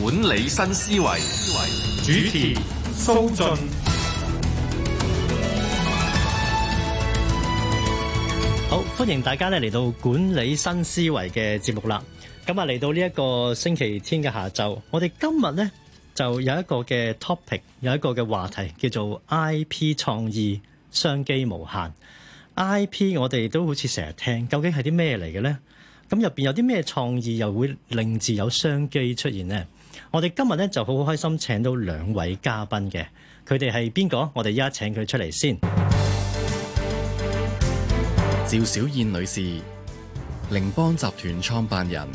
管理新思維，主持蘇雋。好，歡迎大家咧嚟到管理新思維嘅節目啦。咁啊，嚟到呢一個星期天嘅下晝，我哋今日呢，就有一個嘅 topic，有一個嘅話題叫做 IP 創意，商機無限。IP 我哋都好似成日聽，究竟係啲咩嚟嘅呢？咁入邊有啲咩創意又會令至有商機出現呢？我哋今日咧就好好開心，請到兩位嘉賓嘅，佢哋係邊個？我哋依家請佢出嚟先，趙小燕女士，羚邦集團創辦人，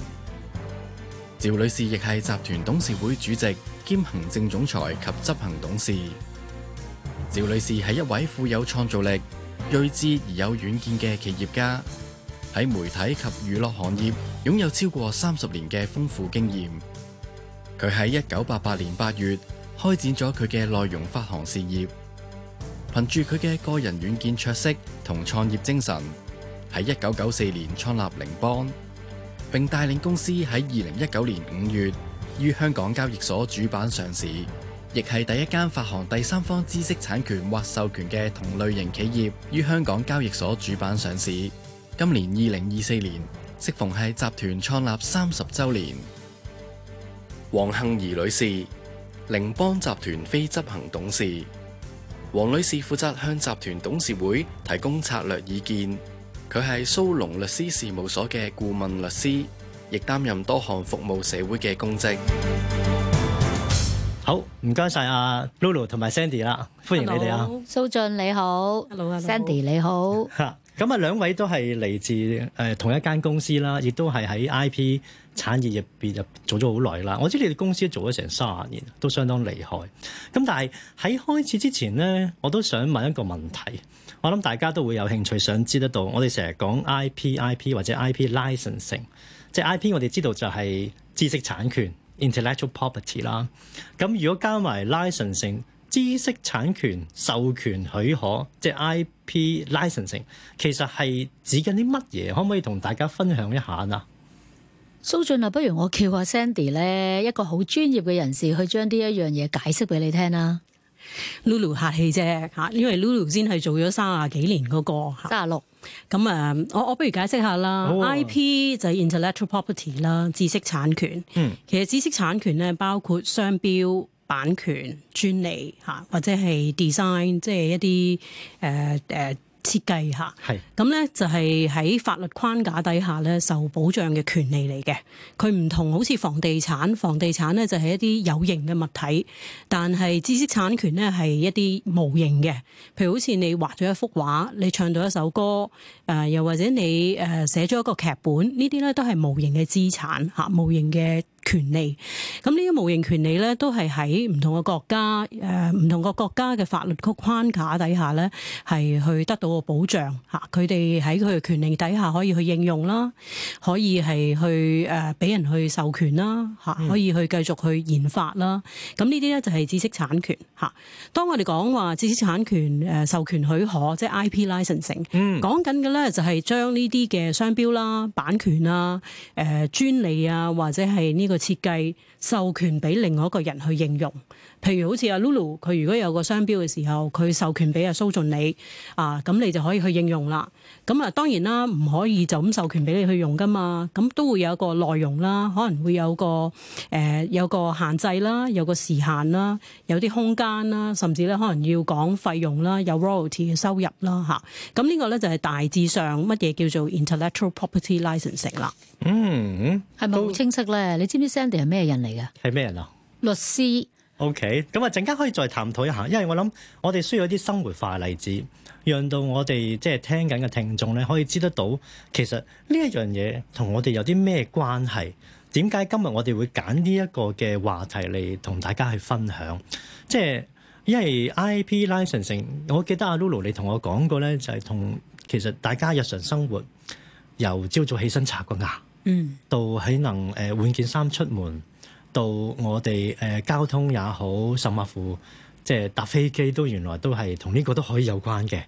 趙女士亦係集團董事會主席兼行政總裁及執行董事。趙女士係一位富有創造力、睿智而有遠見嘅企業家，喺媒體及娛樂行業擁有超過三十年嘅豐富經驗。佢喺一九八八年八月開展咗佢嘅內容發行事業，憑住佢嘅個人遠見卓識同創業精神，喺一九九四年創立羚邦，並帶領公司喺二零一九年五月於香港交易所主板上市，亦係第一間發行第三方知識產權或授權嘅同類型企業於香港交易所主板上市。今年二零二四年，適逢係集團創立三十周年。黃幸怡女士，羚邦集團非執行董事。黃女士負責向集團董事會提供策略意見。佢係蘇龍律師事務所嘅顧問律師，亦擔任多項服務社會嘅公職。好，唔該晒阿 Lulu 同埋 Sandy 啦，歡迎你哋啊。蘇 Hello. 雋你好 hello, hello，Sandy 你好。咁啊，兩位都係嚟自誒同一間公司啦，亦都係喺 I P。產業入邊就做咗好耐啦，我知你哋公司做咗成三十年，都相當厲害。咁但係喺開始之前呢，我都想問一個問題，我諗大家都會有興趣想知得到。我哋成日講 IP、IP 或者 IP licensing，即係 IP，我哋知道就係知識產權 intellectual property 啦。咁如果加埋 licensing 知識產權授權許可，即係 IP licensing，其實係指緊啲乜嘢？可唔可以同大家分享一下啊？蘇雋啊，不如我叫阿 Sandy 咧，一個好專業嘅人士去將呢一樣嘢解釋俾你聽啦。Lulu 客氣啫嚇，因為 Lulu 先係做咗三啊幾年嗰、那個嚇，三啊六。咁啊，我我不如解釋下啦。Oh. IP 就係 Intellectual Property 啦，知識產權。嗯。Mm. 其實知識產權咧，包括商標、版權、專利嚇，或者係 design，即係一啲誒誒。Uh, uh, 設計嚇，咁咧是就係喺法律框架底下咧受保障嘅權利嚟嘅。佢唔同好似房地產，房地產咧就係一啲有形嘅物體，但係知識產權咧係一啲無形嘅。譬如好似你畫咗一幅畫，你唱到一首歌，誒、呃、又或者你誒寫咗一個劇本，呢啲咧都係無形嘅資產嚇，無形嘅權利。咁、嗯、呢？無形權利咧，都係喺唔同嘅國家，誒、呃，唔同嘅國家嘅法律嘅框架底下咧，係去得到個保障吓。佢哋喺佢嘅權利底下可以去應用啦，可以係去誒俾、呃、人去授權啦，吓、啊、可以去繼續去研發啦。咁呢啲咧就係知識產權吓、啊。當我哋講話知識產權誒、呃、授權許可，即係 IP licensing，講緊嘅咧就係將呢啲嘅商標啦、版權啊、誒、呃、專利啊或者係呢個設計。授權俾另外一個人去應用。譬如好似阿 Lulu 佢如果有個商標嘅時候，佢授權俾阿蘇雋你啊，咁你就可以去應用啦。咁啊，當然啦，唔可以就咁授權俾你去用噶嘛。咁、啊、都會有一個內容啦，可能會有個誒、呃、有個限制啦，有個時限啦，有啲空間啦，甚至咧可能要講費用啦，有 royalty 嘅收入啦吓。咁、啊啊、呢個咧就係、是、大致上乜嘢叫做 intellectual property licensing 啦。嗯，係咪好清晰咧？都你知唔知 Sandy 係咩人嚟㗎？係咩人啊？律師。O.K. 咁啊，陣間可以再探討一下，因為我諗我哋需要一啲生活化例子，讓到我哋即係聽緊嘅聽眾咧，可以知得到其實呢一樣嘢同我哋有啲咩關係？點解今日我哋會揀呢一個嘅話題嚟同大家去分享？即係因為 I.P. licensing，我記得阿 Lulu 你同我講過咧，就係同其實大家日常生活，由朝早起身刷個牙，嗯，到喺能誒換件衫出門。到我哋誒、呃、交通也好，甚或乎即係搭飛機都原來都係同呢個都可以有關嘅。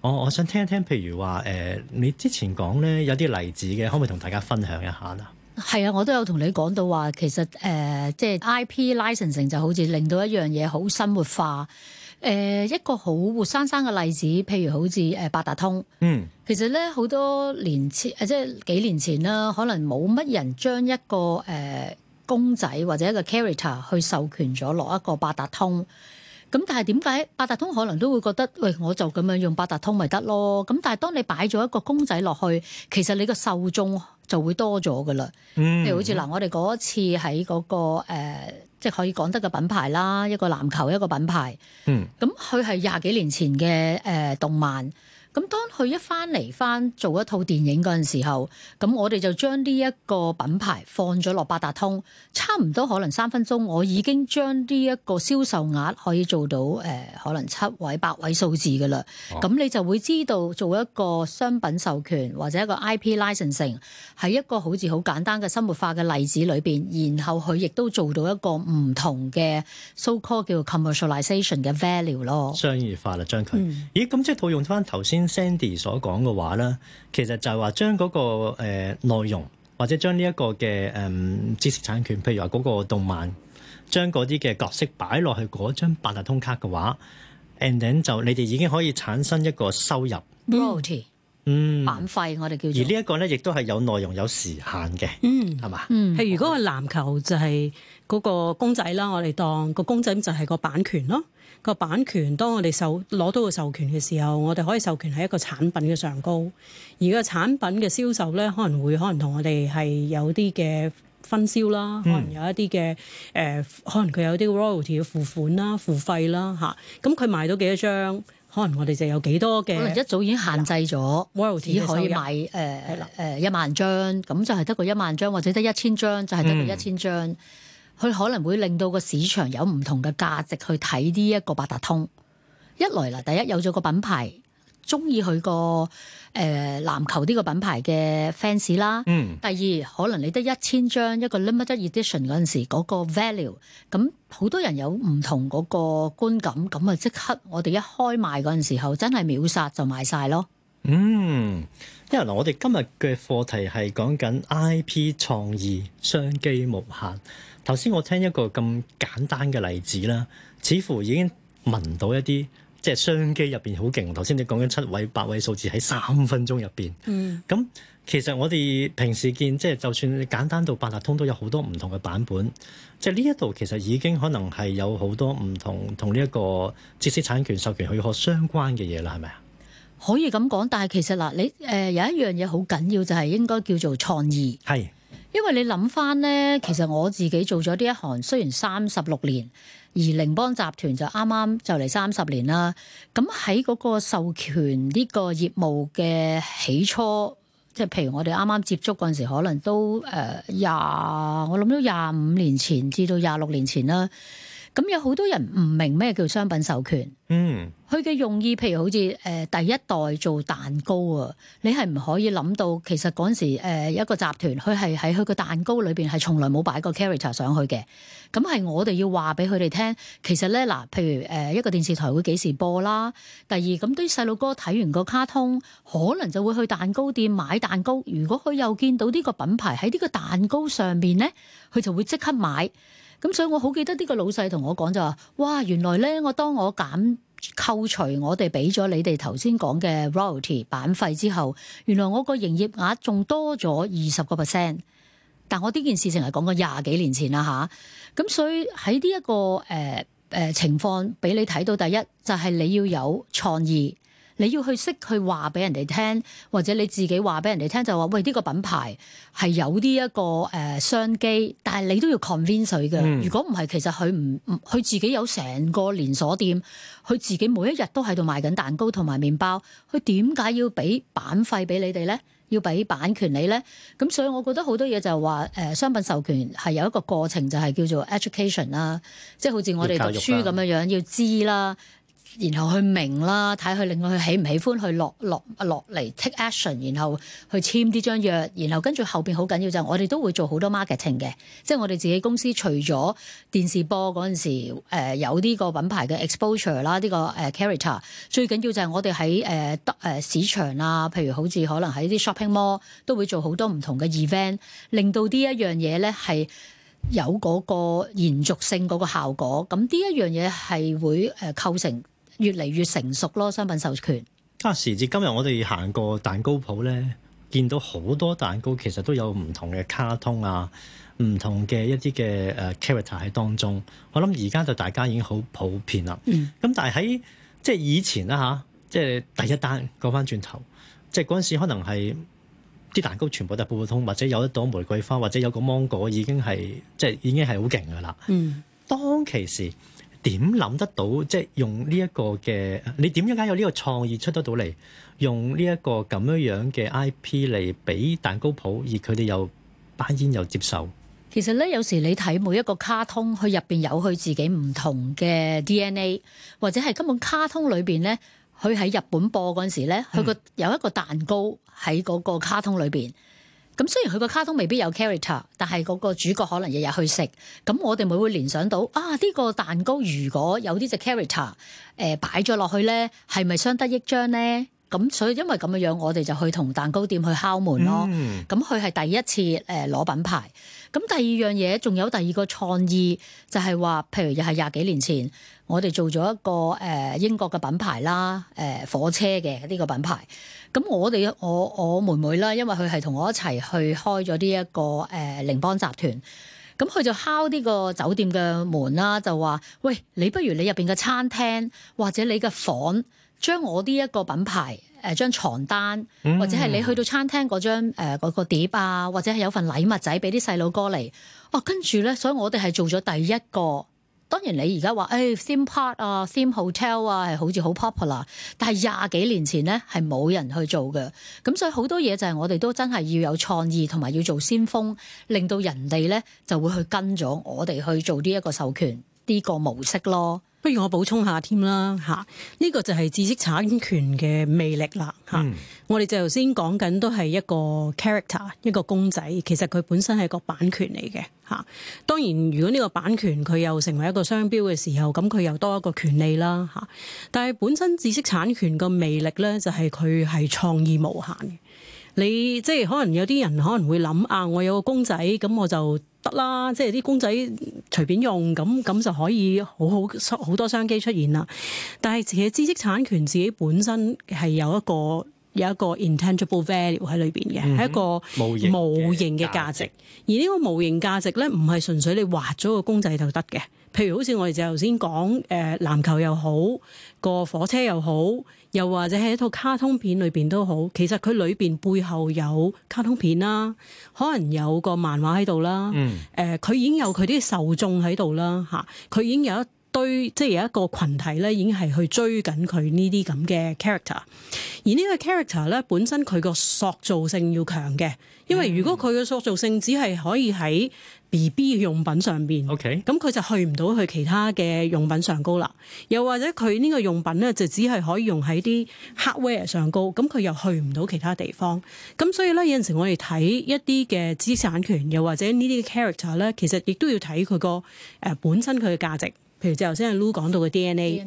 我我想聽一聽，譬如話誒、呃，你之前講咧有啲例子嘅，可唔可以同大家分享一下啊？係啊，我都有同你講到話，其實誒、呃、即係 IP licensing 就好似令到一樣嘢好生活化。誒、呃、一個好活生生嘅例子，譬如好似誒八達通。嗯，其實咧好多年前，即係幾年前啦，可能冇乜人將一個誒、呃公仔或者一個 character 去授權咗落一個八達通，咁但係點解八達通可能都會覺得喂，我就咁樣用八達通咪得咯？咁但係當你擺咗一個公仔落去，其實你個受眾就會多咗噶啦。譬如，嗯，好似嗱，我哋嗰一次喺嗰個誒，即係可以講得嘅品牌啦，一個籃球一個品牌。嗯，咁佢係廿幾年前嘅誒、呃、動漫。咁當佢一翻嚟翻做一套電影陣時候，咁我哋就將呢一個品牌放咗落八達通，差唔多可能三分鐘我已經將呢一個銷售額可以做到誒、呃、可能七位、八位數字嘅啦。咁、哦、你就會知道做一個商品授權或者一個 IP licensing 係一個好似好簡單嘅生活化嘅例子裏邊，然後佢亦都做到一個唔同嘅 so called 叫做 commercialization 嘅 value 咯，商業化啦將佢。咦，咁即係套用翻頭先。嗯嗯 Sandy 所講嘅話咧，其實就係話將嗰個誒、呃、內容，或者將呢一個嘅誒、嗯、知識產權，譬如話嗰個動漫，將嗰啲嘅角色擺落去嗰張八達通卡嘅話，And then 就你哋已經可以產生一個收入。嗯嗯，版費我哋叫做，而呢一個咧，亦都係有內容有時限嘅，係嘛？係如果個籃球就係嗰個公仔啦，我哋當個公仔就係個版權咯。個版權當我哋授攞到個授權嘅時候，我哋可以授權喺一個產品嘅上高，而個產品嘅銷售咧可能會可能同我哋係有啲嘅分銷啦，嗯、可能有一啲嘅誒，可能佢有啲 royalty 嘅付款啦、付費啦吓，咁佢賣到幾多張？可能我哋就有幾多嘅，可能一早已經限制咗啦，只可以買誒誒一萬張，咁就係得個一萬張，或者得一千張，就係得個一千張。佢、嗯、可能會令到個市場有唔同嘅價值去睇呢一個八達通。一來嗱，第一有咗個品牌。中意佢個誒籃球呢個品牌嘅 fans 啦，嗯，第二可能你得一千張一個 limited edition 嗰陣時嗰個 value，咁好多人有唔同嗰個觀感，咁啊即刻我哋一開賣嗰陣時候真係秒殺就賣晒咯。嗯，因為嗱，我哋今日嘅課題係講緊 IP 創意商機無限。頭先我聽一個咁簡單嘅例子啦，似乎已經聞到一啲。即係商機入邊好勁，頭先你講緊七位八位數字喺三分鐘入邊。嗯，咁其實我哋平時見，即係就算簡單到八達通都有好多唔同嘅版本。即係呢一度其實已經可能係有好多唔同同呢一個知識產權授權許可相關嘅嘢啦，係咪啊？可以咁講，但係其實嗱，你誒、呃、有一樣嘢好緊要，就係、是、應該叫做創意。係是，因為你諗翻咧，其實我自己做咗呢一行，雖然三十六年。而羚邦集團就啱啱就嚟三十年啦，咁喺嗰個授權呢個業務嘅起初，即係譬如我哋啱啱接觸嗰陣時，可能都誒廿，呃、20，我諗都廿五年前至到廿六年前啦。咁有好多人唔明咩叫商品授權，嗯，佢嘅用意，譬如好似誒、呃、第一代做蛋糕啊，你係唔可以諗到，其實嗰陣時、呃、一個集團，佢係喺佢個蛋糕裏邊係從來冇擺個 character 上去嘅。咁係我哋要話俾佢哋聽，其實咧嗱、呃，譬如誒、呃、一個電視台會幾時播啦。第二，咁啲細路哥睇完個卡通，可能就會去蛋糕店買蛋糕。如果佢又見到呢個品牌喺呢個蛋糕上邊咧，佢就會即刻買。咁所以，我好記得呢個老細同我講就話，哇，原來咧，我當我減扣除我哋俾咗你哋頭先講嘅 Royalty 版費之後，原來我個營業額仲多咗二十個 percent。但我呢件事情係講過廿幾年前啦吓，咁、啊、所以喺呢一個誒誒、呃呃、情況俾你睇到，第一就係、是、你要有創意。你要去識去話俾人哋聽，或者你自己話俾人哋聽，就話喂，呢個品牌係有啲一個誒商機，但係你都要 convince 佢嘅。如果唔係，其實佢唔佢自己有成個連鎖店，佢自己每一日都喺度賣緊蛋糕同埋麵包，佢點解要俾版費俾你哋咧？要俾版權你咧？咁所以我覺得好多嘢就係話誒商品授權係有一個過程，就係叫做 education 啦，即係好似我哋讀書咁樣樣，要知啦。然後去明啦，睇佢令到佢喜唔喜歡，去落落落嚟 take action，然後去簽啲張約，然後跟住後邊好緊要就係我哋都會做好多 marketing 嘅，即係我哋自己公司除咗電視播嗰陣時、呃，有呢個品牌嘅 exposure 啦、這個，呢個誒 character，最緊要就係我哋喺誒得誒市場啊，譬如好似可能喺啲 shopping mall 都會做好多唔同嘅 event，令到呢一樣嘢咧係有嗰個延續性嗰個效果。咁呢一樣嘢係會誒構成。越嚟越成熟咯，商品授權。家、啊、時至今日，我哋行過蛋糕鋪咧，見到好多蛋糕其實都有唔同嘅卡通啊，唔同嘅一啲嘅誒 character 喺當中。我諗而家對大家已經好普遍啦。咁、嗯、但係喺即係以前啦吓、啊，即係第一單過翻轉頭，即係嗰陣時可能係啲蛋糕全部都係普普通，或者有一朵玫瑰花，或者有個芒果已經係即係已經係好勁噶啦。嗯、當其時。點諗得到？即係用呢一個嘅，你點解有呢個創意出得到嚟？用呢一個咁樣樣嘅 IP 嚟俾蛋糕鋪，而佢哋又班煙又接受。其實咧，有時你睇每一個卡通，佢入邊有佢自己唔同嘅 DNA，或者係根本卡通裏邊咧，佢喺日本播嗰陣時咧，佢個有一個蛋糕喺嗰個卡通裏邊。嗯咁雖然佢個卡通未必有 character，但係嗰個主角可能日日去食。咁我哋咪會聯想到啊，呢、這個蛋糕如果有啲隻 character，誒、呃、擺咗落去咧，係咪相得益彰咧？咁所以因為咁嘅樣，我哋就去同蛋糕店去敲門咯。咁佢係第一次誒攞、呃、品牌。咁第二樣嘢仲有第二個創意，就係、是、話，譬如又係廿幾年前，我哋做咗一個誒、呃、英國嘅品牌啦，誒、呃、火車嘅呢、這個品牌。咁我哋我我妹妹啦，因為佢係同我一齊去開咗呢一個誒羚、呃、邦集團，咁佢就敲呢個酒店嘅門啦，就話，喂，你不如你入邊嘅餐廳或者你嘅房，將我呢一個品牌誒，將、呃、床單或者係你去到餐廳嗰張誒個碟啊，或者係有份禮物仔俾啲細佬哥嚟。啊，跟住咧，所以我哋係做咗第一個。當然你而家話，誒、哎、theme park 啊、theme hotel 啊，係好似好 popular，但係廿幾年前咧係冇人去做嘅，咁所以好多嘢就係我哋都真係要有創意同埋要做先鋒，令到人哋咧就會去跟咗我哋去做呢一個授權呢、呢個模式咯。不如我補充下添啦，嚇！呢個就係知識產權嘅魅力啦，嚇、嗯！我哋就頭先講緊都係一個 character，一個公仔，其實佢本身係個版權嚟嘅，嚇！當然，如果呢個版權佢又成為一個商標嘅時候，咁佢又多一個權利啦，嚇！但係本身知識產權嘅魅力呢，就係佢係創意無限嘅。你即係可能有啲人可能會諗啊，我有個公仔，咁我就。得啦，即係啲公仔隨便用咁，咁就可以好好好多商機出現啦。但係自己嘅知識產權，自己本身係有一個有一個 intangible value 喺裏邊嘅，係、嗯、哼一個無形嘅價值。值而呢個無形價值咧，唔係純粹你畫咗個公仔就得嘅。譬如好似我哋就頭先講誒籃球又好，個火車又好。又或者喺一套卡通片裏邊都好，其實佢裏邊背後有卡通片啦，可能有個漫畫喺度啦，誒、嗯，呃，佢已經有佢啲受眾喺度啦，嚇，佢已經有一。對，即係有一個群體咧，已經係去追緊佢呢啲咁嘅 character。而呢個 character 咧，本身佢個塑造性要強嘅，因為如果佢嘅塑造性只係可以喺 B B 嘅用品上邊，咁佢 Okay. 就去唔到去其他嘅用品上高啦。又或者佢呢個用品咧，就只係可以用喺啲 hardware 上高，咁佢又去唔到其他地方。咁所以咧，有陣時我哋睇一啲嘅知識產權，又或者呢啲 character 咧，其實亦都要睇佢個誒本身佢嘅價值。譬如頭先阿 Loo 講到嘅 DNA，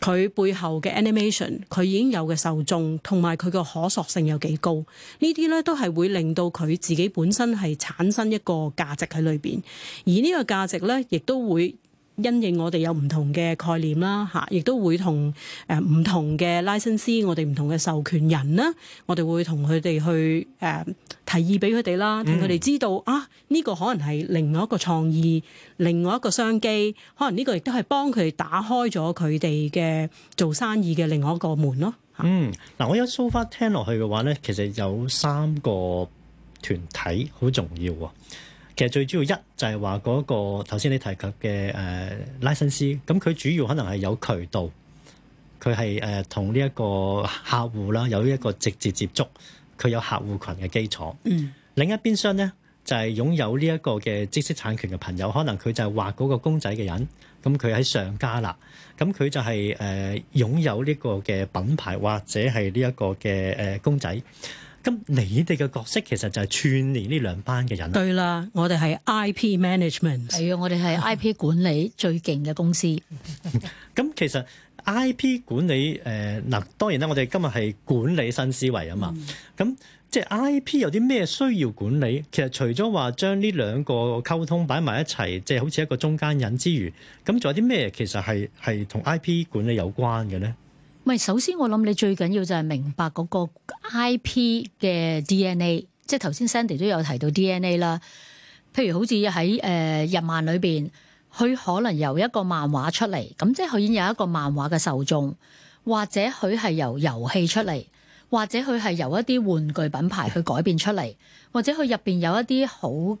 佢背後嘅 animation，佢已經有嘅受眾，同埋佢個可塑性有幾高，呢啲咧都係會令到佢自己本身係產生一個價值喺裏邊，而個價呢個價值咧亦都會。因應我哋有唔同嘅概念啦，嚇，亦都會同誒唔同嘅 license，我哋唔同嘅授權人啦，我哋會同佢哋去誒提議俾佢哋啦，令佢哋知道、嗯、啊，呢個可能係另外一個創意，另外一個商機，可能呢個亦都係幫佢哋打開咗佢哋嘅做生意嘅另外一個門咯。啊、嗯，嗱，我一 so far 聽落去嘅話呢，其實有三個團體好重要啊。其實最主要一就係話嗰個頭先你提及嘅誒 licensee，咁佢主要可能係有渠道，佢係誒同呢一個客戶啦，有一個直接接觸，佢有客戶群嘅基礎。嗯，另一邊廂咧就係、是、擁有呢一個嘅知識產權嘅朋友，可能佢就係畫嗰個公仔嘅人，咁佢喺上家啦，咁佢就係誒擁有呢個嘅品牌或者係呢一個嘅誒公仔。咁你哋嘅角色其實就係串連呢兩班嘅人。對啦，我哋係 IP management。係啊，我哋係 IP 管理最勁嘅公司。咁 其實 IP 管理誒嗱、呃，當然啦，我哋今日係管理新思維啊嘛。咁、嗯、即係 IP 有啲咩需要管理？其實除咗話將呢兩個溝通擺埋一齊，即、就、係、是、好似一個中間人之餘，咁仲有啲咩其實係係同 IP 管理有關嘅咧？首先我諗你最緊要就係明白嗰個 I P 嘅 D N A，即係頭先 Sandy 都有提到 D N A 啦。譬如好似喺誒日漫裏邊，佢可能由一個漫畫出嚟，咁即係佢已經有一個漫畫嘅受眾，或者佢係由遊戲出嚟，或者佢係由一啲玩具品牌去改變出嚟，或者佢入邊有一啲好誒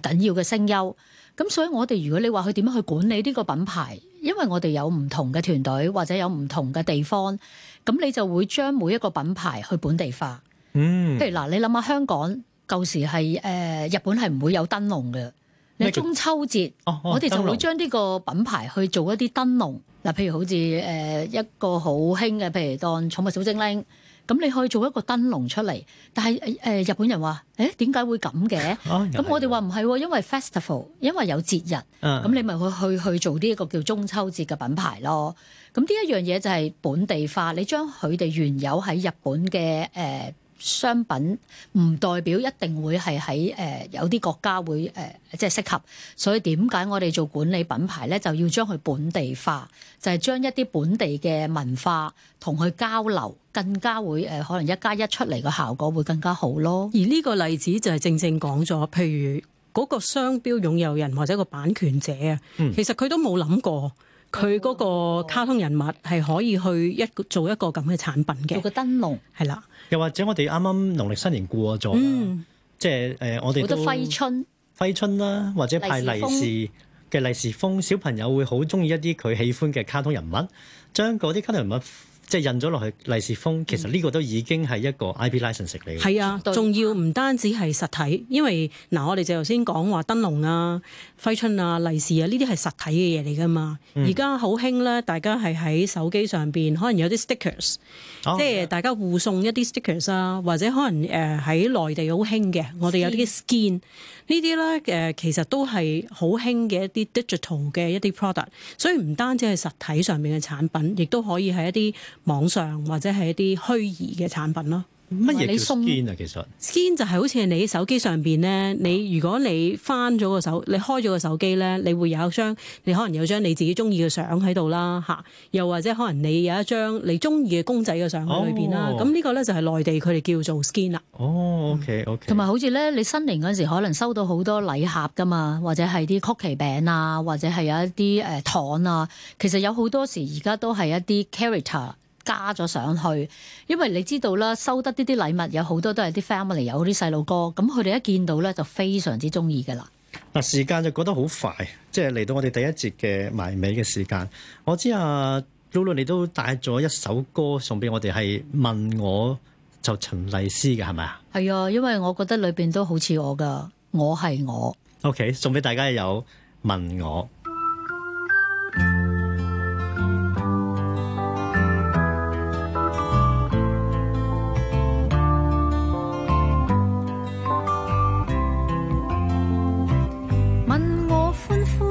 緊要嘅聲優。咁所以我哋如果你話佢點樣去管理呢個品牌？因為我哋有唔同嘅團隊，或者有唔同嘅地方，咁你就會將每一個品牌去本地化。嗯，譬如嗱，你諗下香港舊時係誒日本係唔會有燈籠嘅，你麼中秋節 oh, oh，我哋就會將呢個品牌去做一啲燈籠。嗱籠，譬如好似誒、呃、一個好興嘅，譬如當寵物小精靈。咁你可以做一個燈籠出嚟，但係誒、呃、日本人話，誒點解會咁嘅？咁、哦、我哋話唔係，因為 festival，因為有節日，咁、嗯、你咪去去去做呢個叫中秋節嘅品牌咯。咁呢一樣嘢就係本地化，你將佢哋原有喺日本嘅誒、呃商品唔代表一定會係喺誒，有啲國家會誒、呃、即係適合，所以點解我哋做管理品牌咧，就要將佢本地化，就係、是、將一啲本地嘅文化同佢交流，更加會誒、呃、可能一加一出嚟嘅效果會更加好咯。而呢個例子就係正正講咗，譬如嗰、那個商標擁有人或者個版權者啊，嗯、其實佢都冇諗過，佢嗰個卡通人物係可以去一做一個咁嘅產品嘅，做個燈籠係啦。又或者我哋啱啱農曆新年過咗，嗯、即係誒、呃、我哋都揮春、揮春啦，或者派利是嘅利是封，風小朋友會好中意一啲佢喜歡嘅卡通人物，將嗰啲卡通人物，即係印咗落去利是封，其實呢個都已經係一個 IP license 嚟、嗯。嘅對，係啊，仲要唔單止係實體，因為嗱，我哋就頭先講話燈籠啊、揮春啊、利是啊，呢啲係實體嘅嘢嚟噶嘛。而家好興咧，大家係喺手機上邊，可能有啲 stickers，哦、即係大家互送一啲 stickers 啊，或者可能誒喺、呃、內地好興嘅，我哋有啲 skin。呢啲呢，誒其實都係好興嘅一啲 digital 嘅一啲 product，所以唔單止係實體上面嘅產品，亦都可以係一啲網上或者係一啲虛擬嘅產品咯。乜嘢叫 skin 啊？其實 skin 就係好似你手機上邊咧，你如果你翻咗個手，你開咗個手機咧，你會有一張，你可能有張你自己中意嘅相喺度啦，嚇，又或者可能你有一張你中意嘅公仔嘅相喺裏邊啦。咁呢、哦、個咧就係內地佢哋叫做 skin 啦。哦，OK OK。同埋好似咧，你新年嗰陣時可能收到好多禮盒噶嘛，或者係啲曲奇餅啊，或者係有一啲誒糖啊，其實有好多時而家都係一啲 character。加咗上去，因為你知道啦，收得呢啲禮物有好多都係啲 family，有啲細路哥，咁佢哋一見到咧就非常之中意嘅啦。嗱，時間就過得好快，即係嚟到我哋第一節嘅埋尾嘅時間。我知啊，Lulu 你都帶咗一首歌送俾我哋，係問我就陳麗斯嘅，係咪啊？係啊，因為我覺得裏邊都好似我噶，我係我。OK，送俾大家有問我。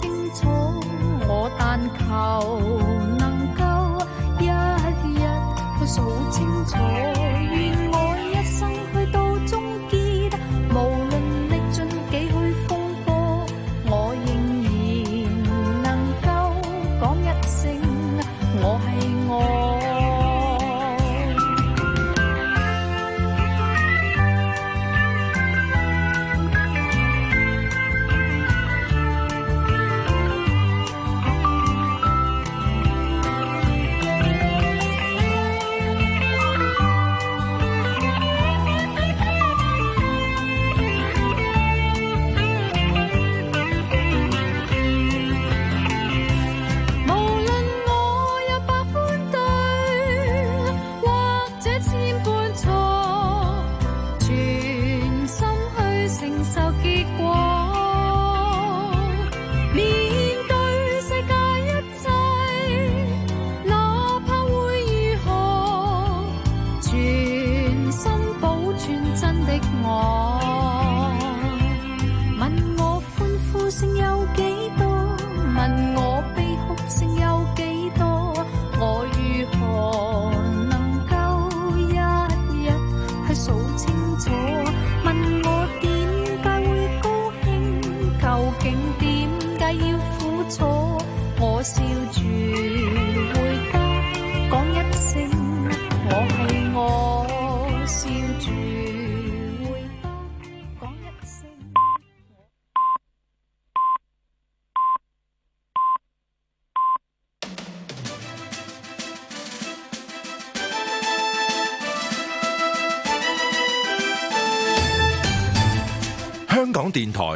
清楚，我但求能夠一日去數清楚。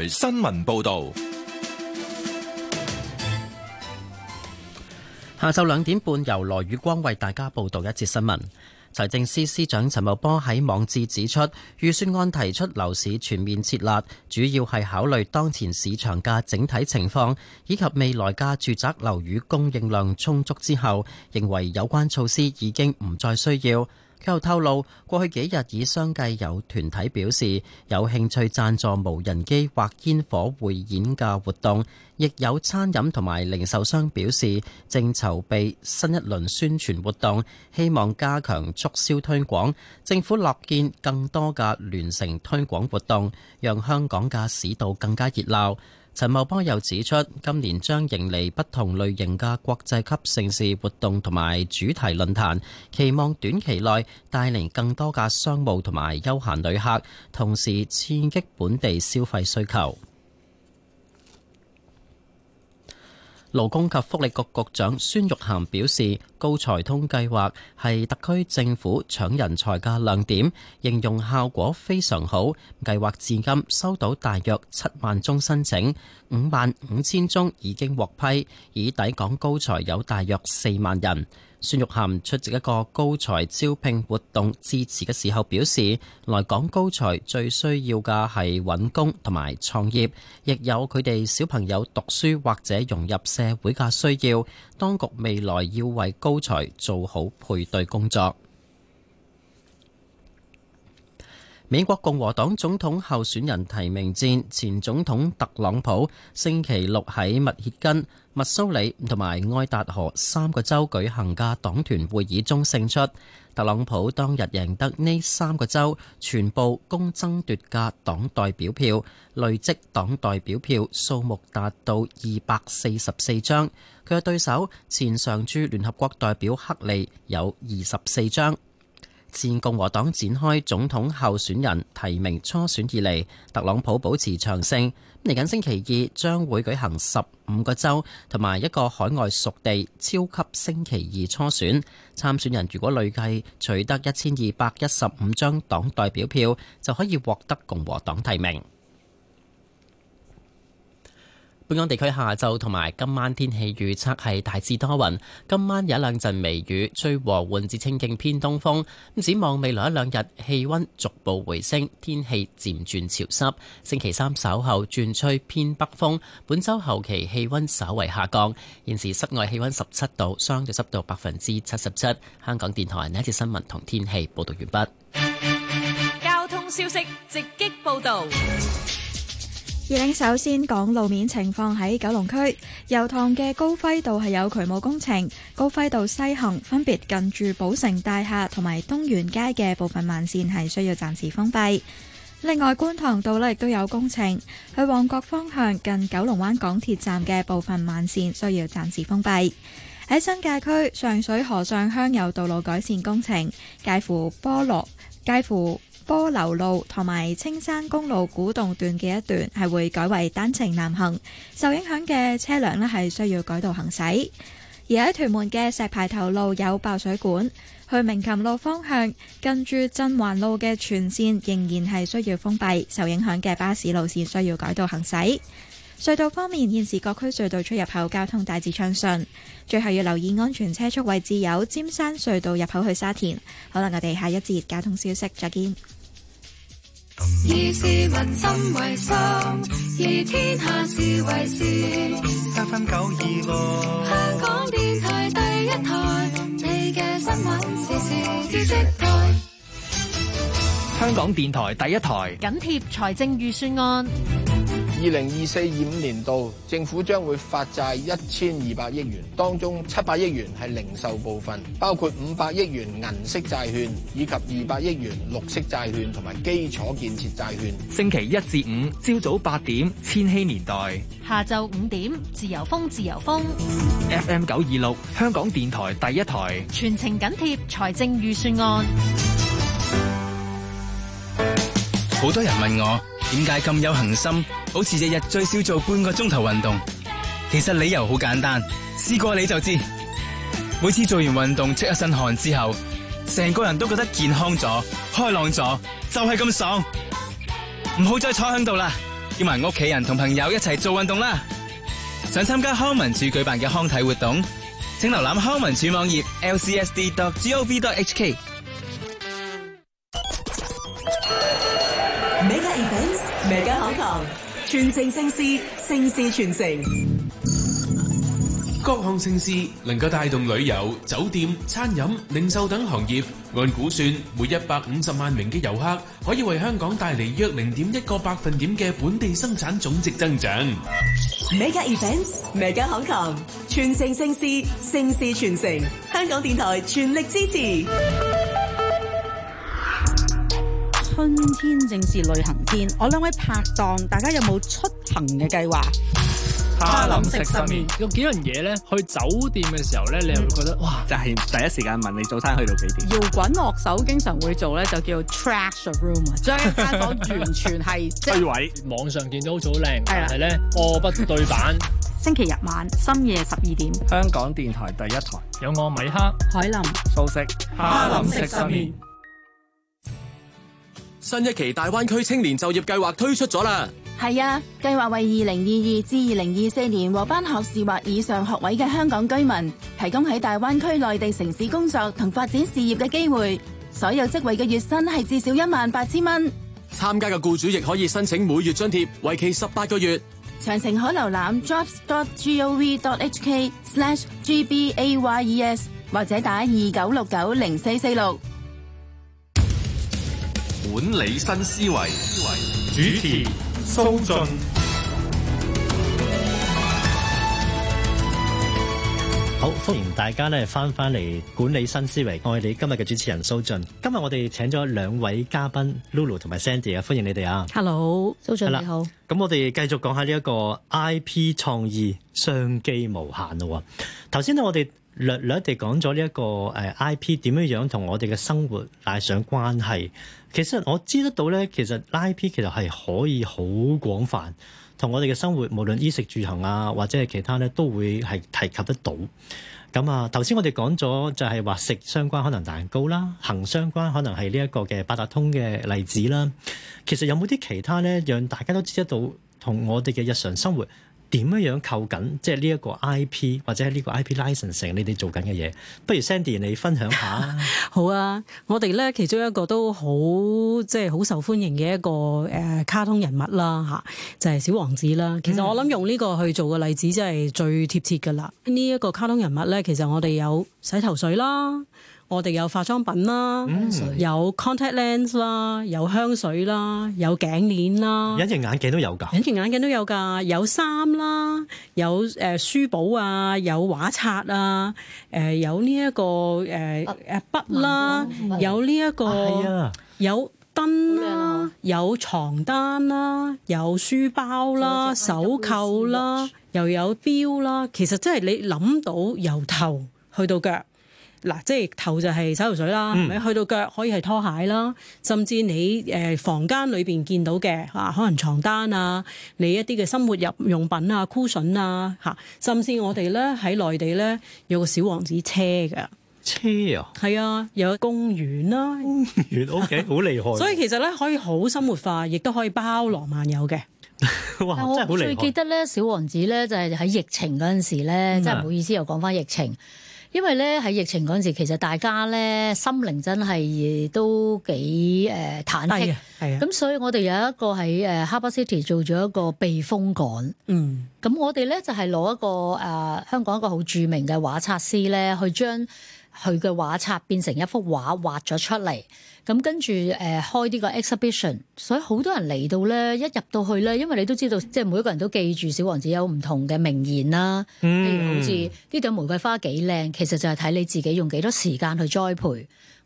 新聞報道，下晝兩點半由羅宇光為大家報道一節新聞。財政司司長陳茂波喺網誌指出，預算案提出樓市全面設立，主要係考慮當前市場嘅整體情況，以及未來嘅住宅樓宇供應量充足之後，認為有關措施已經唔再需要。又透露，過去幾日已相繼有團體表示有興趣贊助無人機或煙火匯演嘅活動，亦有餐飲同埋零售商表示正籌備新一輪宣傳活動，希望加強促銷推廣，政府樂見更多嘅聯城推廣活動，讓香港嘅市道更加熱鬧。陳茂波又指出，今年將迎嚟不同類型嘅國際級盛事活動同埋主題論壇，期望短期內帶嚟更多嘅商務同埋休閒旅客，同時刺激本地消費需求。勞工及福利局局長孫玉菡表示，高才通計劃係特區政府搶人才嘅亮點，形容效果非常好。計劃至今收到大約七萬宗申請，五萬五千宗已經獲批，已抵港高才有大約四萬人。孫玉菡出席一個高才招聘活動致辭嘅時候表示，來港高才最需要嘅係揾工同埋創業，亦有佢哋小朋友讀書或者融入社會嘅需要。當局未來要為高才做好配對工作。美國共和黨總統候選人提名戰，前總統特朗普星期六喺密歇根、密蘇里同埋愛達荷三個州舉行嘅黨團會議中勝出。特朗普當日贏得呢三個州全部公爭奪嘅黨代表票，累積黨代表票數目達到二百四十四張。佢嘅對手前常駐聯合國代表克利有二十四張。自共和黨展開總統候選人提名初選以嚟，特朗普保持長勝。嚟緊星期二將會舉行十五個州同埋一個海外屬地超級星期二初選，參選人如果累計取得一千二百一十五張黨代表票，就可以獲得共和黨提名。本港地區下晝同埋今晚天氣預測係大致多雲，今晚有一兩陣微雨，吹和緩至清勁偏東風。咁展望未來一兩日，氣温逐步回升，天氣漸轉潮濕。星期三稍後轉吹偏北風。本週後期氣温稍為下降。現時室外氣温十七度，相對濕度百分之七十七。香港電台呢節新聞同天氣報道完畢。交通消息直擊報導。二零首先講路面情況，喺九龍區油塘嘅高輝道係有渠務工程，高輝道西行分別近住寶城大廈同埋東源街嘅部分慢綫係需要暫時封閉。另外觀塘道呢亦都有工程，去旺角方向近九龍灣港鐵站嘅部分慢綫需要暫時封閉。喺新界區上水河上鄉有道路改善工程，介乎波羅介乎。波流路同埋青山公路古洞段嘅一段係會改為單程南行，受影響嘅車輛咧係需要改道行駛。而喺屯門嘅石排頭路有爆水管，去鳴琴路方向，近住鎮環路嘅全線仍然係需要封閉，受影響嘅巴士路線需要改道行駛。隧道方面，現時各區隧道出入口交通大致暢順。最後要留意安全車速位置有尖山隧道入口去沙田。好啦，我哋下一節交通消息再見。以市民心為心，以天下事為事。七分九二六香港電台第一台，你嘅新聞時事知識台。香港電台第一台，緊貼財政預算案。二零二四二五年度政府將會發債一千二百億元，當中七百億元係零售部分，包括五百億元銀色債券以及二百億元綠色債券同埋基礎建設債券。星期一至五朝早八點，千禧年代；下晝五點，自由風。自由風 FM 九二六，香港電台第一台，全程緊貼財政預算案。好多人問我。點解咁有恒心？好似日日最少做半個鐘頭運動。其實理由好簡單，試過你就知。每次做完運動出一身汗之後，成個人都覺得健康咗、開朗咗，就係咁爽。唔好再坐響度啦，叫埋屋企人同朋友一齊做運動啦。想參加康文署舉辦嘅康體活動，請瀏覽康文署網頁 lcsd.gov.hk。Mega Hong Kong，全城盛事，盛事全城。各項盛事能夠帶動旅遊、酒店、餐飲、零售等行業。按估算，每一百五十萬名嘅遊客可以為香港帶嚟約零點一個百分點嘅本地生產總值增長。Mega Events，Mega Hong Kong，全城盛事，盛事全城。香港電台全力支持。春天正是旅行天，我兩位拍檔，大家有冇出行嘅計劃？哈林食十年有幾樣嘢咧？去酒店嘅時候咧，你又會覺得哇！就係、是、第一時間問你早餐去到幾點？搖滾樂手經常會做咧，就叫 Trash Room，一間房完全係虛位。網上見到好似好靚，係咧，貨不對版。星期日晚深夜十二點，香港電台第一台，有我米哈、海林、蘇雋、哈林食十年。新一期大灣區青年就業計劃推出咗啦，係啊，計劃為二零二二至二零二四年獲頒學士或以上學位嘅香港居民提供喺大灣區內地城市工作同發展事業嘅機會，所有職位嘅月薪係至少一萬八千蚊。參加嘅雇主亦可以申請每月津貼，為期十八個月。詳情可瀏覽 jobs.gov.hk/gbays，e 或者打二九六九零四四六。管理新思維，主持蘇雋。進好，歡迎大家咧，返返嚟管理新思維。我係你今日嘅主持人蘇雋。今日我哋請咗兩位嘉賓 Lulu 同埋 Sandy 啊，歡迎你哋啊！Hello，蘇雋你好。咁我哋繼續講下呢一個 IP 創意商機無限咯。頭先呢，我哋略略地講咗呢一個誒 IP 點樣樣同我哋嘅生活帶上關係。其實我知得到咧，其實 IP 其實係可以好廣泛，同我哋嘅生活無論衣食住行啊，或者係其他咧，都會係提及得到。咁啊，頭先我哋講咗就係話食相關可能蛋糕啦，行相關可能係呢一個嘅八達通嘅例子啦。其實有冇啲其他咧，讓大家都知得到同我哋嘅日常生活？點樣樣扣緊？即係呢一個 IP 或者係呢個 IP licensing 你哋做緊嘅嘢，不如 Sandy 你分享下。 好啊，我哋咧其中一個都好即係好受歡迎嘅一個誒卡通人物啦嚇，就係、是、小王子啦。其實我諗用呢個去做個例子，真係最貼切㗎啦。呢、這、一個卡通人物咧，其實我哋有洗頭水啦。我哋有化妝品啦，嗯、有 contact lens 啦，有香水啦，有頸鏈啦，隱形眼鏡都有㗎。隱形眼鏡都有㗎，有衫啦，有誒書簿、這個、啊，有畫、這、冊、個、啊，誒有呢一個誒誒筆啦，有呢一個有燈啦，有床單啦，有書包啦，手扣啦，又有錶啦。其實真係你諗到由頭去到腳。嗱，即係頭就係洗頭水啦，你、嗯、去到腳可以係拖鞋啦，甚至你誒、呃、房間裏邊見到嘅啊，可能床單啊，你一啲嘅生活日用品啊 cushion 啊，吓、啊，甚至我哋咧喺內地咧有個小王子車嘅車啊，係啊，有個公園啦，公園 OK，好厲 害。所以其實咧可以好生活化，亦都可以包羅萬有嘅。 哇，真係好厲害，我最記得咧小王子咧就係喺疫情嗰陣時咧，真係唔好意思又講翻疫情。嗯因為咧喺疫情嗰陣時，其實大家咧心靈真係都幾誒忐忑，係啊。咁所以我哋有一個喺誒 Harbour City 做咗一個避風港。嗯。咁我哋咧就係攞一個誒、呃、香港一個好著名嘅畫冊師咧，去將佢嘅畫冊變成一幅畫畫咗出嚟。咁跟住誒、呃、開呢個 exhibition，所以好多人嚟到咧，一入到去咧，因為你都知道，即係每一個人都記住小王子有唔同嘅名言啦、啊，譬、mm. 如好似呢朵玫瑰花幾靚，其實就係睇你自己用幾多時間去栽培。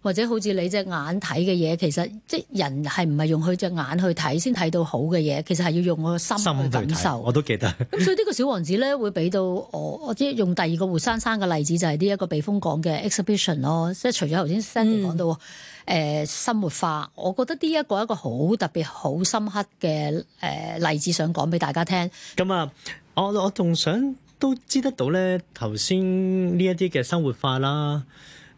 或者好似你隻眼睇嘅嘢，其實即係人係唔係用佢隻眼去睇先睇到好嘅嘢？其實係要用我個心去感受去。我都記得。 所以呢個小王子咧，會俾到我，我即係用第二個活生生嘅例子，就係呢一個避風港嘅 exhibition 咯。即係除咗頭先 Sandy 講到誒、嗯呃、生活化，我覺得呢一個一個好特別、好深刻嘅誒、呃、例子，想講俾大家聽。咁啊，我我仲想都知得到咧，頭先呢一啲嘅生活化啦。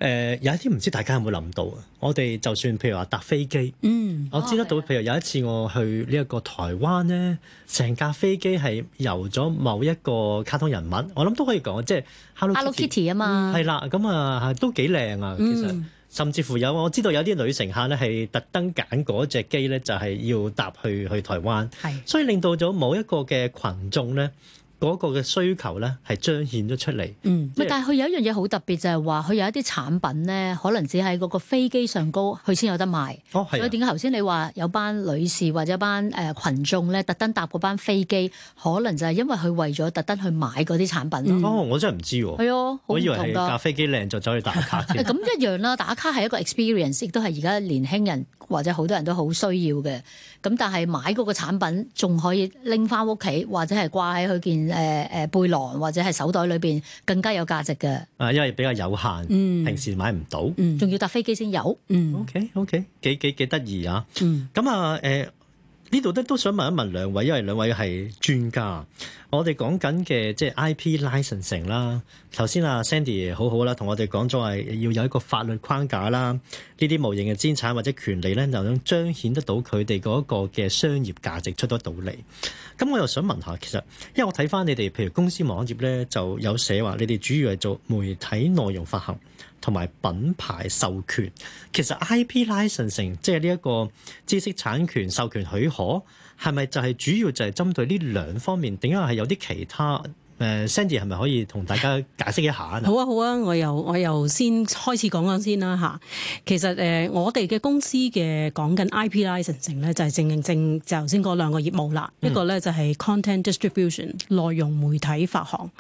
誒、呃、有一啲唔知大家有冇諗到啊！我哋就算譬如話搭飛機，嗯、我知得到，的譬如有一次我去呢一個台灣咧，成架飛機係遊咗某一個卡通人物，嗯、我諗都可以講，即係 Hello Kitty 啊嘛，係啦、嗯，咁啊都幾靚啊，其實、嗯、甚至乎有我知道有啲女乘客咧係特登揀嗰隻機咧，就係、是、要搭去去台灣，的所以令到咗某一個嘅群眾咧，嗰個嘅需求咧係彰顯咗出嚟。嗯，是但係佢有一樣嘢好特別，就係話佢有一啲產品咧，可能只喺嗰個飛機上高，佢先有得賣。哦，係、啊。所以點解頭先你話有班女士或者班誒羣眾咧，特登搭嗰班飛機，可能就係因為佢為咗特登去買嗰啲產品咯、嗯哦。我真係唔知喎、啊。係哦、啊，我以為架飛機靚就走去打卡。咁 一樣啦，打卡係一個 experience，亦都係而家年輕人或者好多人都好需要嘅。咁但係買嗰個產品仲可以拎翻屋企，或者係掛喺佢件。誒誒、呃、背囊或者係手袋裏邊更加有價值嘅，啊，因為比較有限，嗯，平時買唔到，嗯，嗯，仲要搭飛機先有，嗯，OK OK 幾幾幾得意啊，嗯，咁啊誒。呃呢度咧都想問一問兩位，因為兩位係專家。我哋講緊嘅即係 IP licensing 啦。頭先阿 Sandy 好好啦，同我哋講咗係要有一個法律框架啦。呢啲無形嘅資產或者權利咧，就想彰顯得到佢哋嗰個嘅商業價值出得到嚟。咁我又想問下，其實因為我睇返你哋，譬如公司網頁咧就有寫話，你哋主要係做媒體內容發行。同埋品牌授權，其實 IP licensing 即係呢一個知識產權授權許可，係咪就係主要就係針對呢兩方面？點解係有啲其他？誒，Sandy 係咪可以同大家解釋一下？好啊，好啊，我由我由先開始講講先啦嚇。其實誒，我哋嘅公司嘅講緊 IP licensing 咧，就係正正就頭先嗰兩個業務啦。一個咧就係 content distribution 內容媒體發行，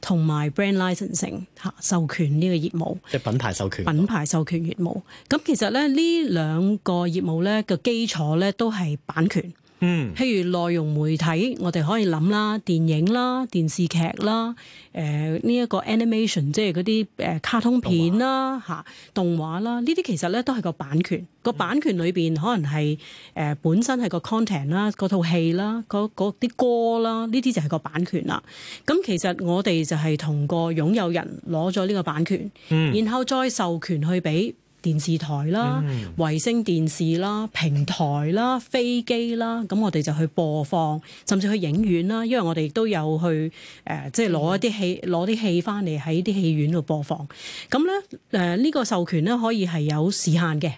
同埋 brand licensing 嚇授權呢個業務。即係品牌授權。品牌授權業務。咁其實咧，呢兩個業務咧嘅基礎咧都係版權。嗯，譬如內容媒體，我哋可以諗啦，電影啦、電視劇啦，誒呢一個 animation，即係嗰啲誒卡通片啦、嚇動畫畫啦，呢啲其實咧都係個版權。個、嗯、版權裏邊可能係誒、呃、本身係個 content 啦，嗰套戲啦，嗰啲歌啦，呢啲就係個版權啦。咁其實我哋就係同個擁有人攞咗呢個版權，嗯、然後再授權去俾。電視台啦、衛星電視啦、平台啦、飛機啦，咁我哋就去播放，甚至去影院啦，因為我哋都有去誒，即係攞一啲戲、攞啲戲返嚟喺啲戲院度播放。咁咧誒，呢、呃這個授權咧可以係有時限嘅。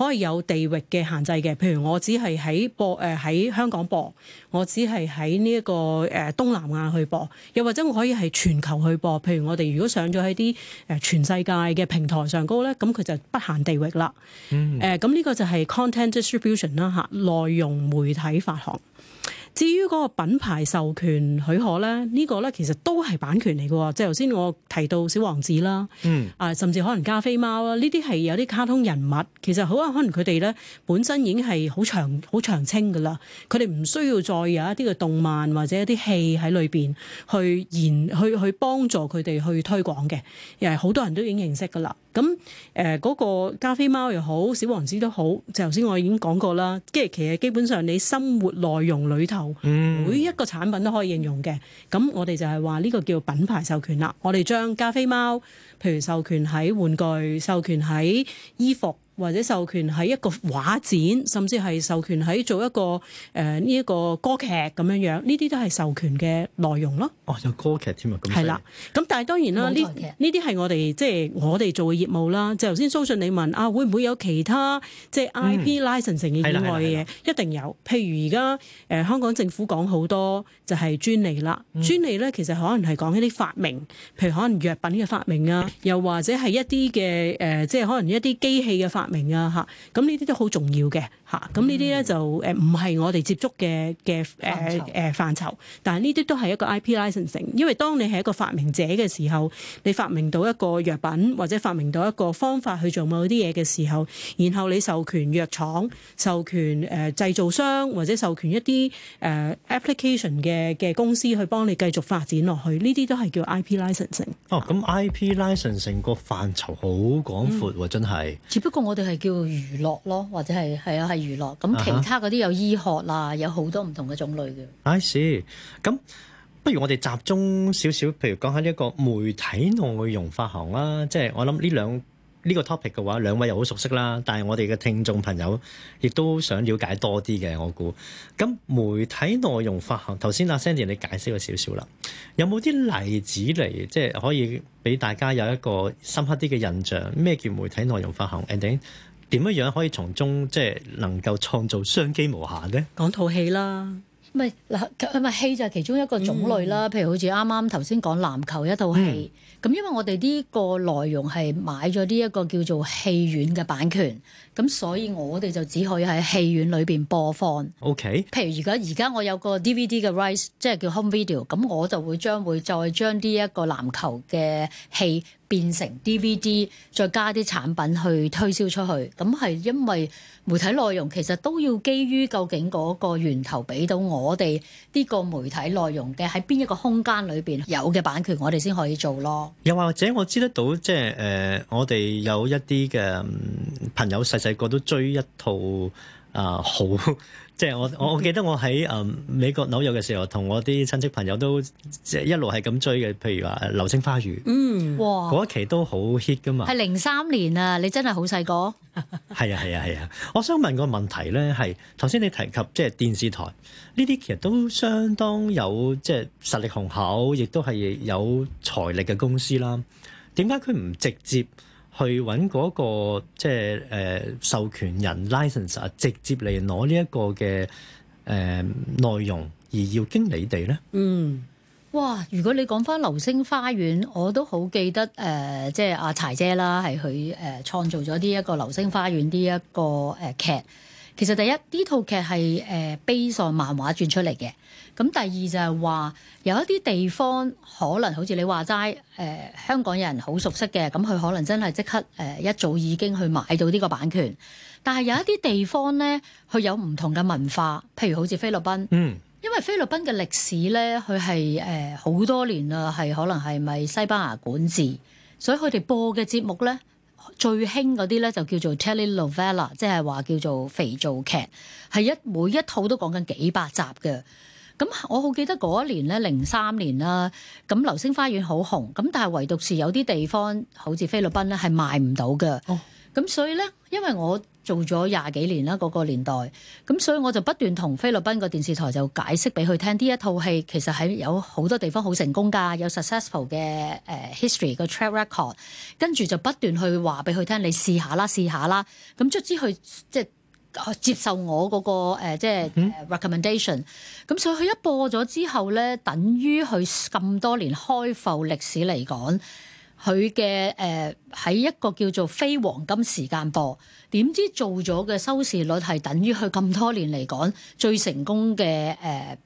可以有地域嘅限制嘅，譬如我只係喺播誒喺香港播，我只係喺呢一個誒東南亞去播，又或者我可以係全球去播。譬如我哋如果上咗喺啲誒全世界嘅平台上高咧，咁佢就不限地域啦。誒、嗯，咁呢、呃這個就係 content distribution 啦嚇，內容媒體發行。至於嗰個品牌授權許可咧，呢個咧其實都係版權嚟㗎，即係頭先我提到小王子啦，嗯，啊，甚至可能加菲貓啦，呢啲係有啲卡通人物，其實好可能佢哋咧本身已經係好長好長青㗎啦，佢哋唔需要再有一啲嘅動漫或者一啲戲喺裏邊去延去去幫助佢哋去推廣嘅，因為好多人都已經認識㗎啦。咁誒嗰個加菲貓又好，小王子都好，就頭先我已經講過啦。即係其實基本上你生活內容裏頭，每一個產品都可以應用嘅。咁我哋就係話呢個叫品牌授權啦。我哋將加菲貓，譬如授權喺玩具，授權喺衣服。或者授權喺一個畫展，甚至係授權喺做一個誒呢、呃、一個歌劇咁樣樣，呢啲都係授權嘅內容咯。哦，有歌劇添啊！咁係啦，咁 但係當然啦，呢呢啲係我哋即係我哋做嘅業務啦。就頭先蘇雋你問啊，會唔會有其他即係、就是、IP license 承認以外嘅嘢？一定有。譬如而家誒香港政府講好多就係、是、專利啦，嗯、專利咧其實可能係講一啲發明，譬如可能藥品嘅發明啊，又或者係一啲嘅誒，即係可能一啲機器嘅發。明啊吓，咁呢啲都好重要嘅。吓，咁呢啲咧就誒唔係我哋接觸嘅嘅誒誒範疇，疇啊，但係呢啲都係一個 IP licensing。因為當你係一個發明者嘅時候，你發明到一個藥品或者發明到一個方法去做某啲嘢嘅時候，然後你授權藥廠授權誒製造商或者授權一啲誒、呃、application 嘅嘅公司去幫你繼續發展落去，呢啲都係叫 IP licensing。哦，咁 IP licensing 個範疇好廣闊啊，嗯、真係。只不過我哋係叫娛樂咯，或者係係啊係。娛樂咁，其他嗰啲有醫學啦，有好多唔同嘅種類嘅。Uh huh. I see，咁不如我哋集中少少，譬如講下呢一個媒體內容發行啦，即係我諗呢兩呢個 topic 嘅話，兩位又好熟悉啦，但係我哋嘅聽眾朋友亦都想了解多啲嘅，我估。咁媒體內容發行，頭先阿 Sandy 你解釋咗少少啦，有冇啲例子嚟，即係可以俾大家有一個深刻啲嘅印象？咩叫媒體內容發行？And 點樣樣可以從中，即係能夠創造商機無限咧？講套戲啦，咪嗱，咪 戲就係其中一個種類啦。譬、嗯、如好似啱啱頭先講籃球一套戲，咁、嗯、因為我哋呢個內容係買咗呢一個叫做戲院嘅版權。咁所以我哋就只可以喺戲院裏邊播放。O K。譬如而家而家我有個 D V D 嘅 rights 即係叫 home video。咁我就會將會再將呢一個籃球嘅戲變成 D V D，再加啲產品去推銷出去。咁係因為媒體內容其實都要基於究竟個源頭俾到我哋呢個媒體內容嘅喺邊一個空間裏邊有嘅版權，我哋先可以做咯。又或者我知得到即係誒、呃、我哋有一啲嘅朋友實細個都追一套啊、呃，好即係我，我記得我喺誒、呃、美國紐約嘅時候，同我啲親戚朋友都即係一路係咁追嘅，譬如話《流星花園》嗯，哇，嗰一期都好 hit 㗎嘛，係零三年啊，你真係好細個，係 啊係啊係啊，啊！我想問個問題咧，係頭先你提及即係電視台呢啲，其實都相當有即係、就是、實力雄厚，亦都係有財力嘅公司啦。點解佢唔直接？去揾嗰、那個即係誒授權人 license 啊，直接嚟攞呢一個嘅誒、呃、內容而要經你哋咧？嗯，哇！如果你講翻《流星花園》，我都好記得誒、呃，即係阿柴姐啦，係佢誒創造咗呢一個《流星花園》呢一個誒、呃、劇。其實第一呢套劇係誒 based on 漫畫轉出嚟嘅。咁第二就係話，有一啲地方可能好似你話齋，誒、呃、香港人好熟悉嘅，咁佢可能真係即刻誒、呃、一早已經去買到呢個版權。但係有一啲地方咧，佢有唔同嘅文化，譬如好似菲律賓，嗯、因為菲律賓嘅歷史咧，佢係誒好多年啦，係可能係咪西班牙管治，所以佢哋播嘅節目咧，最興嗰啲咧就叫做 telenovela 即係話叫做肥皂劇，係一每一套都講緊幾百集嘅。咁我好記得嗰一年咧，零三年啦、啊，咁流星花園好紅，咁但係唯獨是有啲地方好似菲律賓咧係賣唔到嘅，咁、哦、所以咧，因為我做咗廿幾年啦嗰、那個年代，咁所以我就不斷同菲律賓個電視台就解釋俾佢聽，呢一套戲其實喺有好多地方好成功㗎，有 successful 嘅誒、uh, history 個 track record，跟住就不斷去話俾佢聽，你試下啦，試下啦，咁卒之，佢即係接受我嗰個、呃、即係 recommendation。咁、嗯啊、所以佢一播咗之後咧，等於佢咁多年開埠歷史嚟講，佢嘅誒喺一個叫做非黃金時間播，點知做咗嘅收視率係等於佢咁多年嚟講最成功嘅誒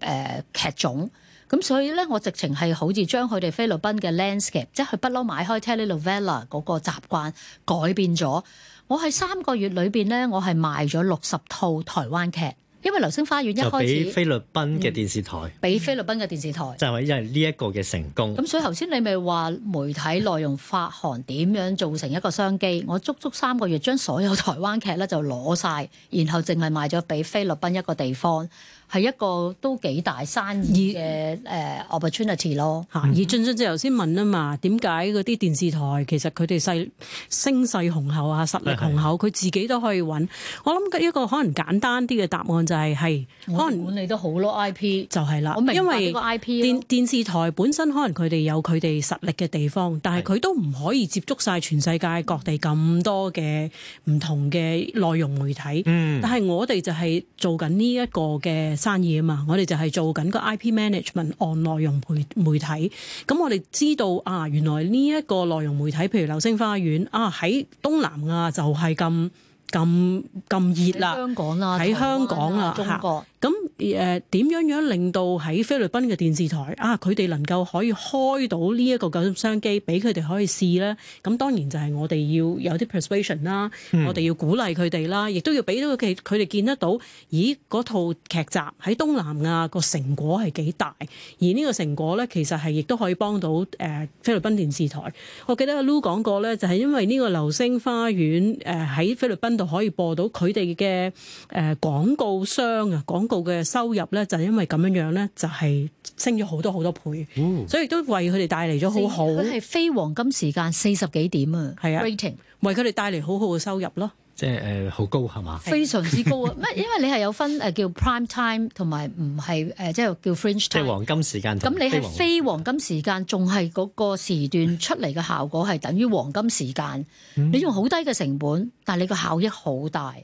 誒劇種。咁、啊、所以咧，我直情係好似將佢哋菲律賓嘅 landscape，即係佢不嬲買開 telenovela 嗰個習慣改變咗。我喺三個月裏邊呢，我係賣咗六十套台灣劇，因為《流星花園》一開始就俾菲律賓嘅電視台，俾、嗯、菲律賓嘅電視台，就係因為呢一個嘅成功。咁所以頭先你咪話媒體內容發行點樣造成一個商機？ 我足足三個月將所有台灣劇呢就攞晒，然後淨係賣咗俾菲律賓一個地方。係一個都幾大生意嘅誒以、uh, opportunity 咯嚇、嗯。而俊俊就頭先問啊嘛，點解嗰啲電視台其實佢哋勢聲勢雄厚啊，實力雄厚，佢自己都可以揾。我諗一個可能簡單啲嘅答案就係、是、係可能管理都好多 IP 就係啦。我明白，因為呢為個 IP。電電視台本身可能佢哋有佢哋實力嘅地方，但係佢都唔可以接觸晒全世界各地咁多嘅唔同嘅內容媒體。嗯、但係我哋就係做緊呢一個嘅。生意啊嘛，我哋就係做緊個 IP management on 內容媒媒體，咁我哋知道啊，原來呢一個內容媒體，譬如流星花園啊，喺東南亞就係咁咁咁熱啦，香港啊，喺、啊、香港啊，啦、啊，中國。咁誒點樣樣令到喺菲律賓嘅電視台啊，佢哋能夠可以開到呢一個商機俾佢哋可以試咧？咁當然就係我哋要有啲 persuasion 啦，我哋要鼓勵佢哋啦，亦都要俾到佢哋見得到，咦嗰套劇集喺東南亞個成果係幾大？而呢個成果咧，其實係亦都可以幫到誒、呃、菲律賓電視台。我記得阿 Lou 講過咧，就係、是、因為呢個流星花園誒喺菲律賓度可以播到佢哋嘅誒廣告商啊廣告，嘅收入咧，就是、因為咁樣樣咧，就係、是、升咗好多好多倍，哦、所以都為佢哋帶嚟咗好好。佢係非黃金時間四十幾點啊？係啊，Rating 為佢哋帶嚟好好嘅收入咯，即係誒好高係嘛？非常之高啊！乜？ 因為你係有分誒、啊、叫 prime time 同埋唔係誒，即、啊、係叫 fringe time，即係黃金時間。咁你係非黃金時間，仲係嗰個時段出嚟嘅效果係等於黃金時間。嗯、你用好低嘅成本，但係你個效益好大。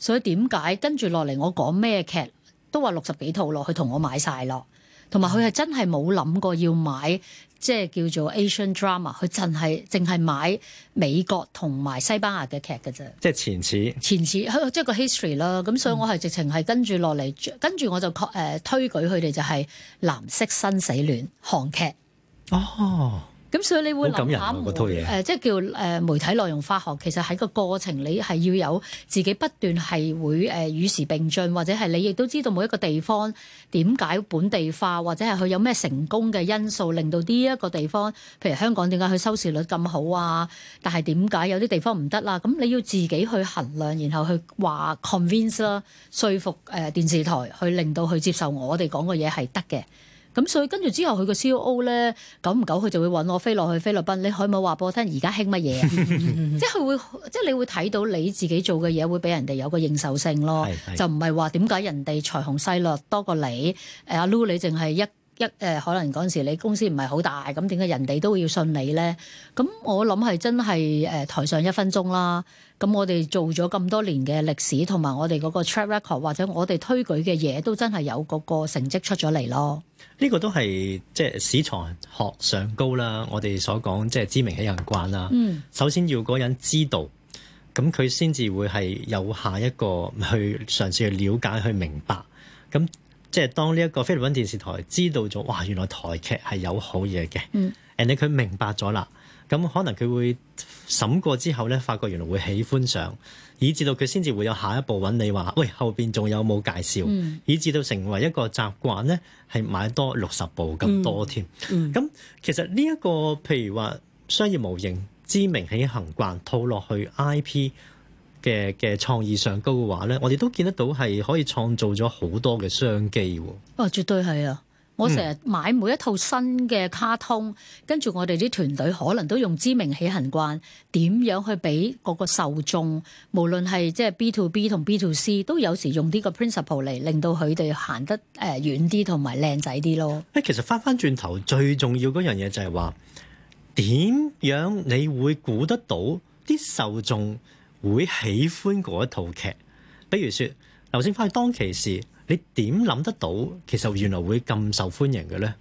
所以點解跟住落嚟我講咩劇？劇都話六十幾套咯，佢同我買晒咯，同埋佢係真係冇諗過要買，即係叫做 Asian drama，佢凈係淨係買美國同埋西班牙嘅劇嘅啫。即係前次，前次，即係個 history 啦。咁所以我係直情係跟住落嚟，跟住我就誒推舉佢哋就係藍色生死戀韓劇。哦。咁所以你會諗下媒誒，即係叫誒媒體內容化學。其實喺個過程，你係要有自己不斷係會誒與時並進，或者係你亦都知道每一個地方點解本地化，或者係佢有咩成功嘅因素，令到呢一個地方，譬如香港點解佢收視率咁好啊？但係點解有啲地方唔得啦？咁你要自己去衡量，然後去話 convince 啦，説服誒電視台去令到佢接受我哋講嘅嘢係得嘅。咁、嗯、所以跟住之後，佢個 C.O.O 咧，久唔久佢就會揾我飛落去菲律賓。你可唔可以話俾我聽，而家興乜嘢？即係佢會，即係你會睇到你自己做嘅嘢會俾人哋有個認受性咯。 就唔係話點解人哋財雄勢略多過你？誒、啊，阿 Lu 你淨係一。一誒，可能嗰陣時你公司唔係好大，咁點解人哋都要信你咧？咁我諗係真係誒台上一分鐘啦。咁我哋做咗咁多年嘅歷史，同埋我哋嗰個 track record，或者我哋推舉嘅嘢都真係有嗰個成績出咗嚟咯。呢個都係即係市場學上高啦。我哋所講即係知名嘅人慣啦。嗯，首先要嗰個人知道，咁佢先至會係有下一個去嘗試去了解去明白咁。即係當呢一個菲律賓電視台知道咗，哇！原來台劇係有好嘢嘅，and 佢明白咗啦。咁可能佢會審過之後咧，發覺原來會喜歡上，以至到佢先至會有下一步揾你話，喂，後邊仲有冇介紹？嗯、以至到成為一個習慣咧，係買多六十部咁多添。咁、嗯嗯、其實呢、這、一個譬如話商業模型，知名起行慣套落去 IP。嘅嘅創意上高嘅話咧，我哋都見得到係可以創造咗好多嘅商機喎。哦，絕對係啊！我成日買每一套新嘅卡通，跟住、嗯、我哋啲團隊可能都用知名起行慣點樣去俾嗰個受眾，無論係即係 B to B 同 B to C，都有時用呢個 principle 嚟令到佢哋行得誒遠啲，同埋靚仔啲咯。誒，其實返返轉頭最重要嗰樣嘢就係話點樣，你會估得到啲受眾？會喜歡嗰一套劇，比如說《流星花園》，當其時，你點諗得到其實原來會咁受歡迎嘅咧？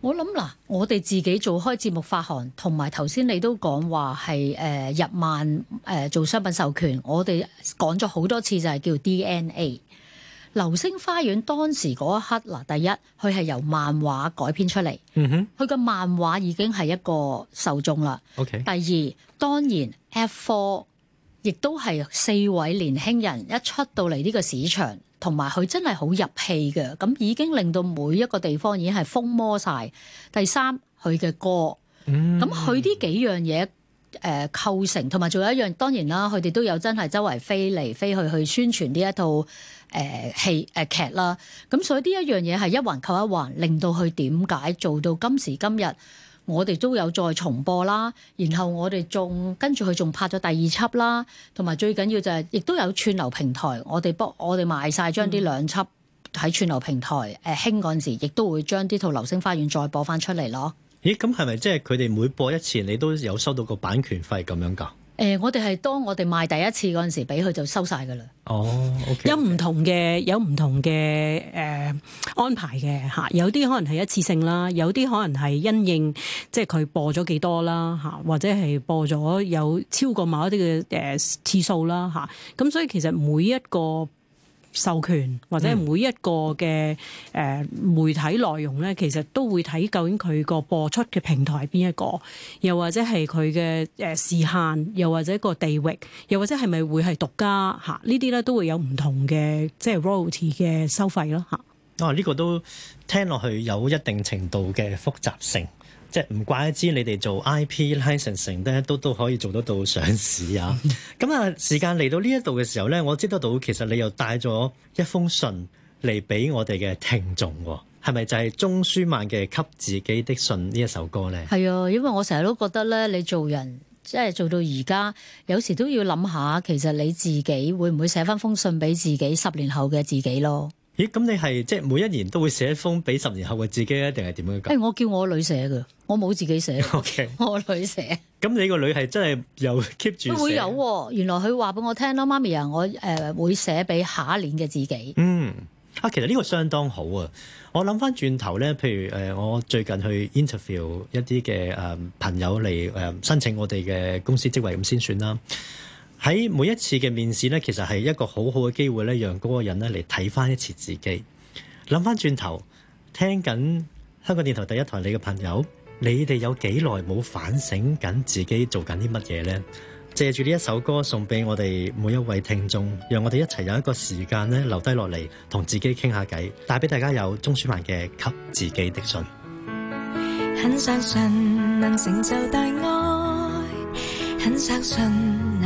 我諗嗱，我哋自己做開節目發行，同埋頭先你都講話係誒日漫誒做商品授權，我哋講咗好多次就係叫 DNA《流星花園》當時嗰一刻嗱，第一佢係由漫畫改編出嚟，嗯哼，佢嘅漫畫已經係一個受眾啦。O K。第二當然 F Four。亦都係四位年輕人一出到嚟呢個市場，同埋佢真係好入戲嘅，咁已經令到每一個地方已經係瘋魔晒。第三，佢嘅歌，咁佢呢幾樣嘢誒、呃、構成，同埋仲有一樣，當然啦，佢哋都有真係周圍飛嚟飛去去去宣傳呢一套誒、呃、戲誒、呃、劇啦。咁、嗯、所以呢一樣嘢係一環扣一環，令到佢點解做到今時今日。我哋都有再重播啦，然後我哋仲跟住佢仲拍咗第二輯啦，同埋最緊要就係亦都有串流平台，我哋播，我哋賣晒將啲兩輯喺串流平台誒興嗰陣時，亦都會將呢套流星花園再播翻出嚟咯。咦？咁係咪即係佢哋每播一次，你都有收到個版權費咁樣㗎？誒、呃，我哋係當我哋賣第一次嗰陣時，俾佢就收晒㗎喇。哦、oh, okay. 有唔同嘅、呃啊，有唔同嘅誒安排嘅吓。有啲可能係一次性啦，有啲可能係因應即係佢播咗幾多啦吓、啊，或者係播咗有超過某一啲嘅誒次數啦吓。咁、啊、所以其實每一個，授權或者每一個嘅誒媒體內容呢，其實都會睇究竟佢個播出嘅平台係邊一個，又或者係佢嘅誒時限，又或者個地域，又或者係咪會係獨家嚇？呢啲呢，都會有唔同嘅即係 royalty 嘅收費咯嚇。哦，呢個都聽落去有一定程度嘅複雜性。即係唔怪之，你哋做 IP licensing 咧，都都可以做得到上市啊！咁啊，時間嚟到呢一度嘅時候咧，我知得到其實你又帶咗一封信嚟俾我哋嘅聽眾，係咪就係鍾舒漫嘅《給自己的信》呢一首歌咧？係啊，因為我成日都覺得咧，你做人即係做到而家，有時都要諗下，其實你自己會唔會寫翻封信俾自己十年後嘅自己咯？咦？咁你係即係每一年都會寫一封俾十年後嘅自己咧，定係點樣講？誒、欸，我叫我女寫嘅，我冇自己寫。OK，我女寫。咁你個女係真係又 keep 住寫。會有、啊，原來佢話俾我聽咯，媽咪啊，我、呃、誒會寫俾下一年嘅自己。嗯，啊，其實呢個相當好啊！我諗翻轉頭咧，譬如誒、呃，我最近去 interview 一啲嘅誒朋友嚟誒、呃、申請我哋嘅公司職位咁先算啦。喺每一次嘅面試呢，其實係一個好好嘅機會呢讓嗰個人呢嚟睇翻一次自己。諗翻轉頭，聽緊香港電台第一台你嘅朋友，你哋有幾耐冇反省緊自己做緊啲乜嘢呢？借住呢一首歌送俾我哋每一位聽眾，讓我哋一齊有一個時間呢，留低落嚟，同自己傾下偈，帶俾大家有鍾舒漫嘅給自己的信。很相信能成就大愛，很相信。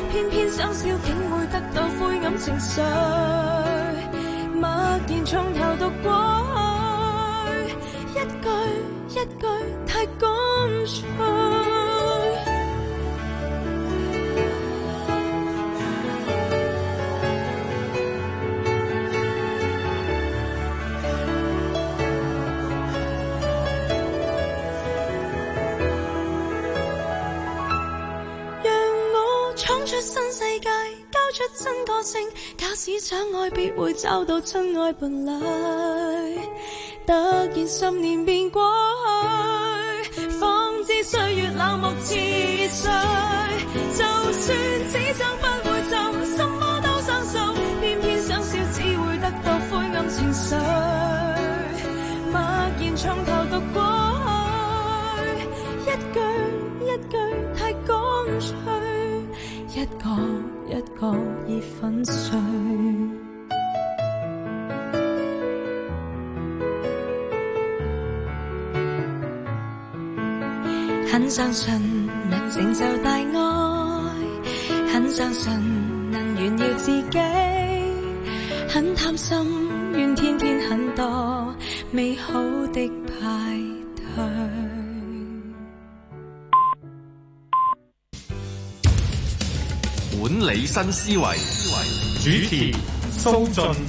多少竟會得到灰暗情緒，默然從頭讀過去，一句一句太乾脆。假使相愛，必會找到親愛伴侶。突然十年便過去，方知歲月冷漠似水。就算始終不會盡，什麼都相信，偏偏想笑，只會得到灰暗情緒。驀然從頭讀過去，一句一句太乾脆，一個。一角已粉碎，很相信能承受大愛，很相信能炫耀自己，很貪心，願天天很多美好的牌。管理新思維，主持蘇雋，進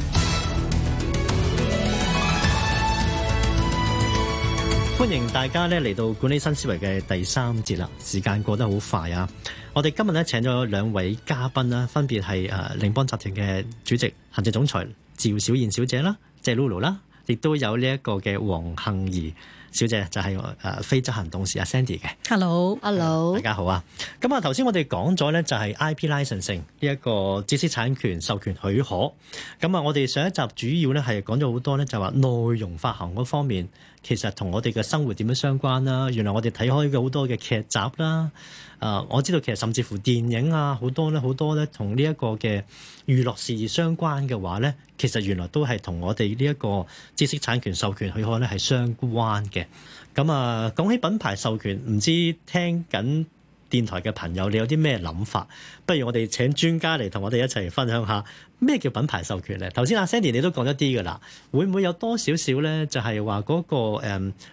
歡迎大家咧嚟到管理新思維嘅第三節啦。時間過得好快啊！我哋今日咧請咗兩位嘉賓啦，分別係誒羚邦集團嘅主席、行政總裁趙小燕小姐啦，即係 Lulu 啦，亦都有呢一個嘅黃幸怡。小姐就係、是、誒非執行董事阿 Sandy 嘅。Hello，Hello，hello.、啊、大家好啊！咁啊，頭先我哋講咗咧，就係 IP licensing 呢一個知識產權授權許可。咁啊，我哋上一集主要咧係講咗好多咧，就話內容發行嗰方面。其實同我哋嘅生活點樣相關啦？原來我哋睇開嘅好多嘅劇集啦，啊、呃，我知道其實甚至乎電影啊，好多咧，好多咧，同呢一個嘅娛樂事業相關嘅話咧，其實原來都係同我哋呢一個知識產權授權許可咧係相關嘅。咁、嗯、啊，講起品牌授權，唔知聽緊電台嘅朋友，你有啲咩諗法？不如我哋請專家嚟同我哋一齊分享下咩叫品牌授權咧？頭先阿 Sandy 你都講一啲㗎啦，會唔會有多少少咧、嗰個？就係話嗰個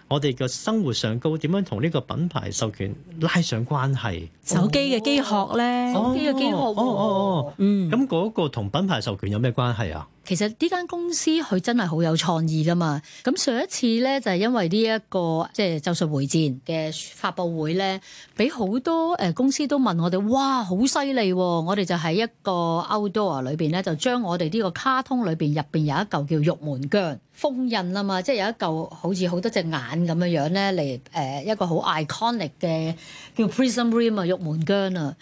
我哋嘅生活上高點樣同呢個品牌授權拉上關係？手機嘅機殼咧，哦、手機嘅機殼哦，哦，哦嗯，咁嗰個同品牌授權有咩關係啊？其實呢間公司佢真係好有創意㗎嘛，咁上一次咧就係、是、因為、這個就是、就呢一個即係咒術迴戰嘅發佈會咧，俾好多誒公司都問我哋，哇好犀利！我哋就喺一個 Outdoor 裏邊咧，就將我哋呢個卡通裏邊入邊有一嚿叫獄門疆封印啊嘛，即係有一嚿好似好多隻眼咁樣樣咧嚟誒一個好 iconic 嘅叫 Prison Realm 啊獄門疆啊。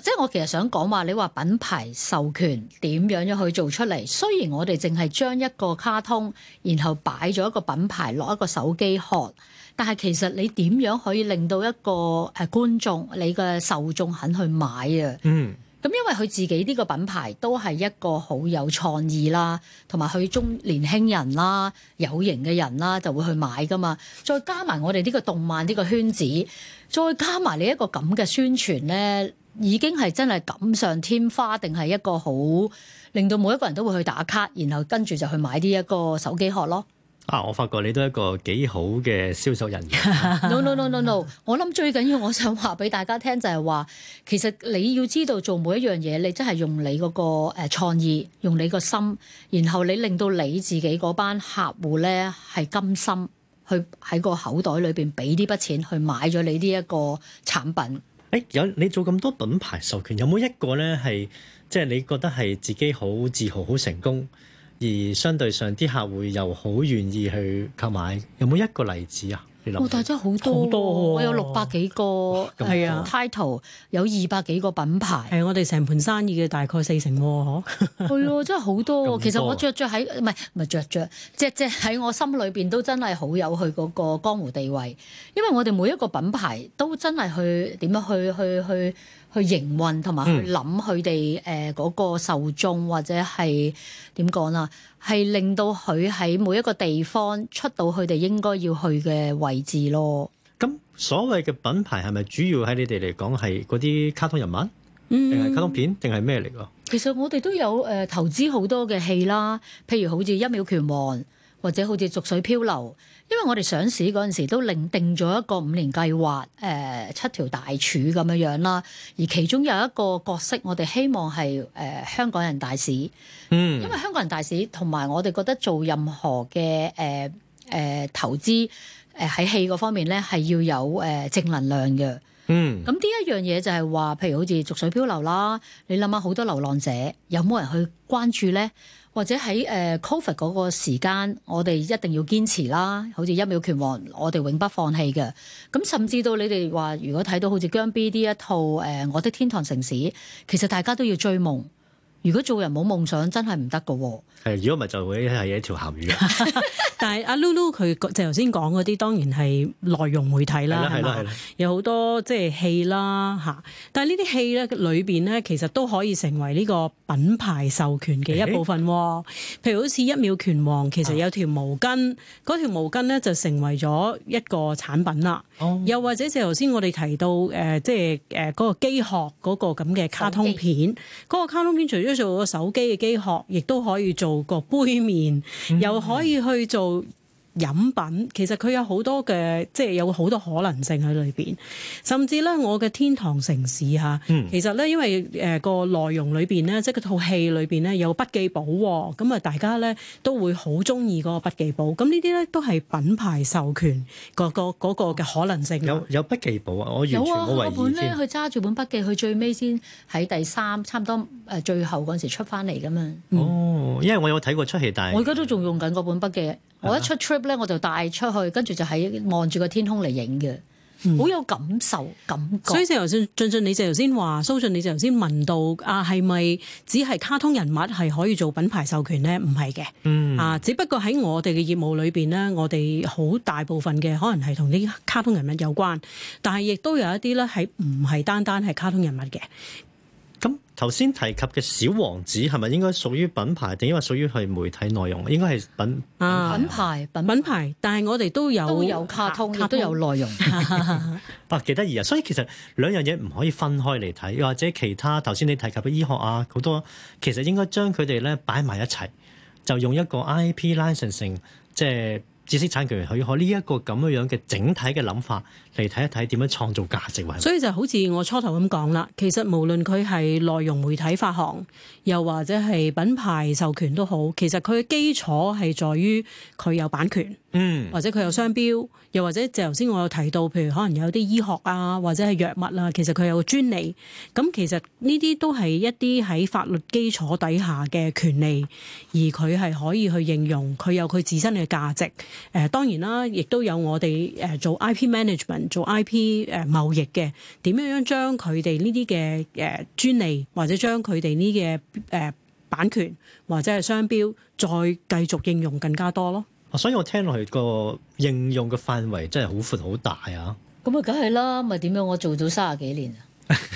即係我其實想講話，你話品牌授權點樣去做出嚟？雖然我哋淨係將一個卡通，然後擺咗一個品牌落一個手機殼，但係其實你點樣可以令到一個誒、呃、觀眾，你嘅受眾肯去買啊？嗯，咁因為佢自己呢個品牌都係一個好有創意啦，同埋佢中年輕人啦、有型嘅人啦就會去買㗎嘛。再加埋我哋呢個動漫呢、呢個圈子，再加埋你一個咁嘅宣傳咧。已經係真係錦上添花，定係一個好令到每一個人都會去打卡，然後跟住就去買呢一個手機殼咯。啊！我發覺你都係一個幾好嘅銷售人員。 No no no no no！我諗最緊要我想話俾大家聽就係話，其實你要知道做每一樣嘢，你真係用你嗰個誒創意，用你個心，然後你令到你自己嗰班客戶咧係甘心去喺個口袋裏邊俾呢筆錢去買咗你呢一個產品。誒有、欸、你做咁多品牌授權，有冇一個咧，係即係你覺得係自己好自豪、好成功，而相對上啲客戶又好願意去購買，有冇一個例子啊？哦、但真係好多，啊啊、我有六百幾個，係啊，title 有二百幾個品牌，係我哋成盤生意嘅大概四成喎、啊，嚇。係啊，真係好多，啊、多。其實我着着喺唔係唔係，著著，只隻喺我心裏邊都真係好有佢嗰個江湖地位，因為我哋每一個品牌都真係去點樣去去去去，去營運同埋去諗佢哋誒嗰個受眾或者係點講啊。係令到佢喺每一個地方出到佢哋應該要去嘅位置咯。咁所謂嘅品牌係咪主要喺你哋嚟講係嗰啲卡通人物，定係，嗯、卡通片，定係咩嚟噶？其實我哋都有誒、呃、投資好多嘅戲啦，譬如好似一秒拳王，或者好似濁水漂流。因為我哋上市嗰陣時都釐定咗一個五年計劃，誒、呃、七條大柱咁樣樣啦，而其中有一個角色，我哋希望係誒、呃、香港人大使，嗯、因為香港人大使同埋我哋覺得做任何嘅誒誒投資，誒、呃、喺戲嗰方面咧係要有誒、呃、正能量嘅。嗯，咁呢一樣嘢就係話，譬如好似《濁水漂流》啦，你諗下好多流浪者，有冇人去關注咧？或者喺誒、呃、Covid 嗰個時間，我哋一定要堅持啦。好似一秒拳王，我哋永不放棄嘅。咁、嗯、甚至到你哋話，如果睇到好似姜濤呢一套誒、呃《我的天堂城市》，其實大家都要追夢。如果做人冇夢想，真係唔得㗎喎。如果唔係就會係一條鹹魚啦。但係阿 Lulu 佢就頭先講嗰啲，當然係內容媒體啦，係嘛？有好多即係戲啦嚇。但係呢啲戲咧裏邊咧，其實都可以成為呢個品牌授權嘅一部分。欸、譬如好似一秒拳王，其實有條毛巾，嗰、啊、條毛巾咧就成為咗一個產品啦。哦、又或者即係頭先我哋提到誒，即係誒嗰個機殼嗰個咁嘅卡通片，嗰機個卡通片除咗～做個手機嘅機殼，亦都可以做個杯麵，又可以去做飲品。其實佢有好多嘅，即係有好多可能性喺裏邊。甚至咧，我嘅天堂城市吓，其實咧，因為誒、呃個內容裏邊咧，即係套戲裏邊咧，有筆記簿咁啊、嗯，大家咧都會好中意嗰個筆記簿。咁呢啲咧都係品牌授權嗰個嗰個嘅可能性。有有筆記簿啊！我完全有呀，我本咧，佢揸住本筆記，佢最尾先喺第三，差唔多。最後嗰時出翻嚟噶嘛？哦，因為我有睇過出戲，但係我而家都仲用緊嗰本筆記。啊、我一出 trip 咧，我就帶出去，跟住就喺望住個天空嚟影嘅，好、嗯、有感受感覺。所以就頭先雋雋你就頭先話，蘇雋你就頭先問到啊，係咪只係卡通人物係可以做品牌授權咧？唔係嘅，嗯、啊，只不過喺我哋嘅業務裏邊呢，我哋好大部分嘅可能係同啲卡通人物有關，但係亦都有一啲咧係唔係單單係卡通人物嘅。頭先提及嘅小王子係咪應該屬於品牌定係話屬於係媒體內容？應該係品啊品牌品品牌，但係我哋都有都有卡通，亦卡通都有內容。百幾得意啊！所以其實兩樣嘢唔可以分開嚟睇，或者其他頭先你提及嘅醫學啊好多，其實應該將佢哋咧擺埋一齊，就用一個 IP licensing 即係知識產權許可呢一個咁樣樣嘅整體嘅諗法。嚟睇一睇點樣創造價值。所以就好似我初頭咁講啦。其實無論佢係內容媒體發行，又或者係品牌授權都好，其實佢嘅基礎係在於佢有版權，嗯，或者佢有商標，又或者就頭先我有提到，譬如可能有啲醫學啊，或者係藥物啊，其實佢有專利。咁其實呢啲都係一啲喺法律基礎底下嘅權利，而佢係可以去應用，佢有佢自身嘅價值。誒，當然啦，亦都有我哋誒做 IP management。做 IP 誒、呃、貿易嘅，點樣樣將佢哋呢啲嘅誒專利，或者將佢哋呢啲嘅誒版權或者係商標再繼續應用更加多咯。啊、所以我聽落去，個應用嘅範圍真係好闊好大啊！咁啊，梗係啦，咪點樣我做到三十幾年啊！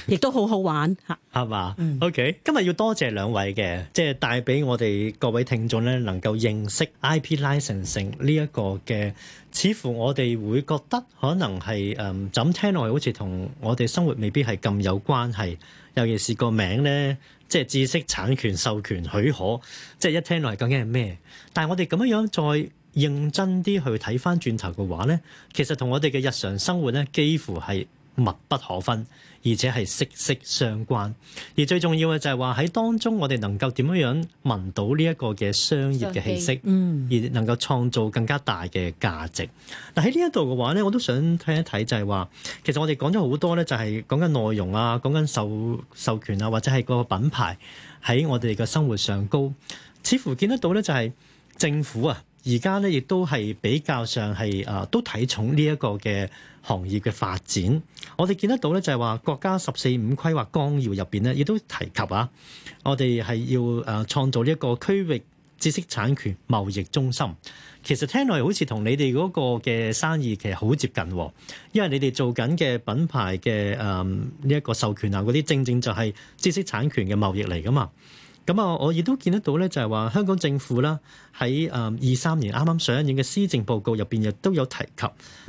亦都好好玩吓，係嘛？OK，今日要多謝兩位嘅，即係帶俾我哋各位聽眾咧，能夠認識 IP license 呢一個嘅。似乎我哋會覺得可能係誒、嗯，就咁聽落好似同我哋生活未必係咁有關係。尤其是個名咧，即係知識產權授權許可，即係一聽落嚟究竟係咩？但係我哋咁樣樣再認真啲去睇翻轉頭嘅話咧，其實同我哋嘅日常生活咧幾乎係密不可分。而且係息息相關，而最重要嘅就係話喺當中我哋能夠點樣樣聞到呢一個嘅商業嘅氣息，氣而能夠創造更加大嘅價值。嗱喺呢一度嘅話咧，我都想睇一睇就係話，其實我哋講咗好多咧，就係講緊內容啊，講緊授授權啊，或者係個品牌喺我哋嘅生活上高，似乎見得到咧，就係政府啊。而家咧，亦都係比較上係啊，都睇重呢一個嘅行業嘅發展。我哋見得到咧，就係話國家十四五規劃綱要入邊咧，亦都提及啊，我哋係要啊創造呢一個區域知識產權貿易中心。其實聽落好似同你哋嗰個嘅生意其實好接近啊，因為你哋做緊嘅品牌嘅啊呢一個授權啊嗰啲，正正就係知識產權嘅貿易嚟㗎嘛。咁啊，我亦都見得到咧，就係話香港政府啦，喺誒二三年啱啱上映嘅施政報告入邊亦都有提及，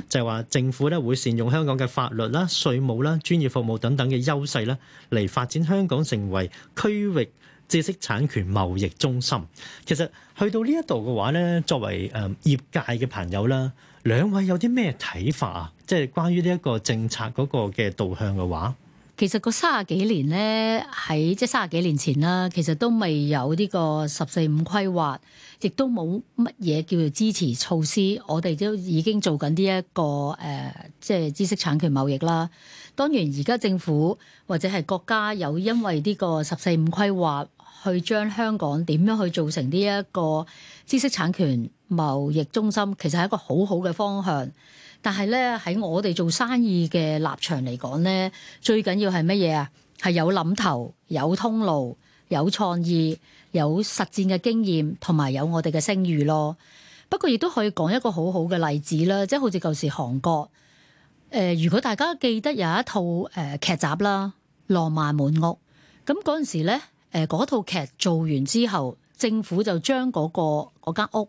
就係話政府咧會善用香港嘅法律啦、稅務啦、專業服務等等嘅優勢咧，嚟發展香港成為區域知識產權貿易中心。其實去到呢一度嘅話咧，作為誒、嗯、業界嘅朋友啦，兩位有啲咩睇法啊？即係關於呢一個政策嗰個嘅導向嘅話。其實個三十幾年咧，喺即係三十幾年前啦，其實都未有呢個十四五規劃，亦都冇乜嘢叫做支持措施。我哋都已經做緊呢一個誒、呃，即係知識產權貿易啦。當然而家政府或者係國家有因為呢個十四五規劃，去將香港點樣去做成呢一個知識產權貿易中心，其實係一個好好嘅方向。但係咧，喺我哋做生意嘅立場嚟講咧，最緊要係乜嘢啊？係有諗頭、有通路、有創意、有實戰嘅經驗，同埋有我哋嘅聲譽咯。不過亦都可以講一個好好嘅例子啦，即係好似舊時韓國。誒、呃，如果大家記得有一套誒、呃、劇集啦，《浪漫滿屋》那那時呢。咁嗰陣時咧，誒嗰套劇做完之後，政府就將嗰、那個嗰間屋。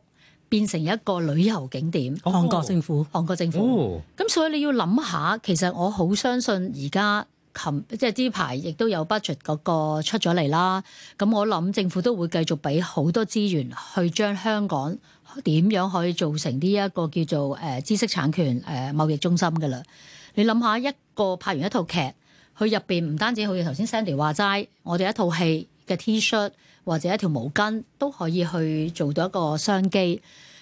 變成一個旅遊景點，oh. 韓國政府，韓國政府。咁所以你要諗下，其實我好相信而家，近即係呢排亦都有 budget 嗰個出咗嚟啦。咁我諗政府都會繼續俾好多資源去將香港點樣可以做成呢一個叫做誒知識產權誒貿易中心㗎啦。你諗下一個拍完一套劇，佢入邊唔單止好似頭先 Sandy 話齋，我哋一套戲。嘅 T 恤或者一條毛巾都可以去做到一個商機，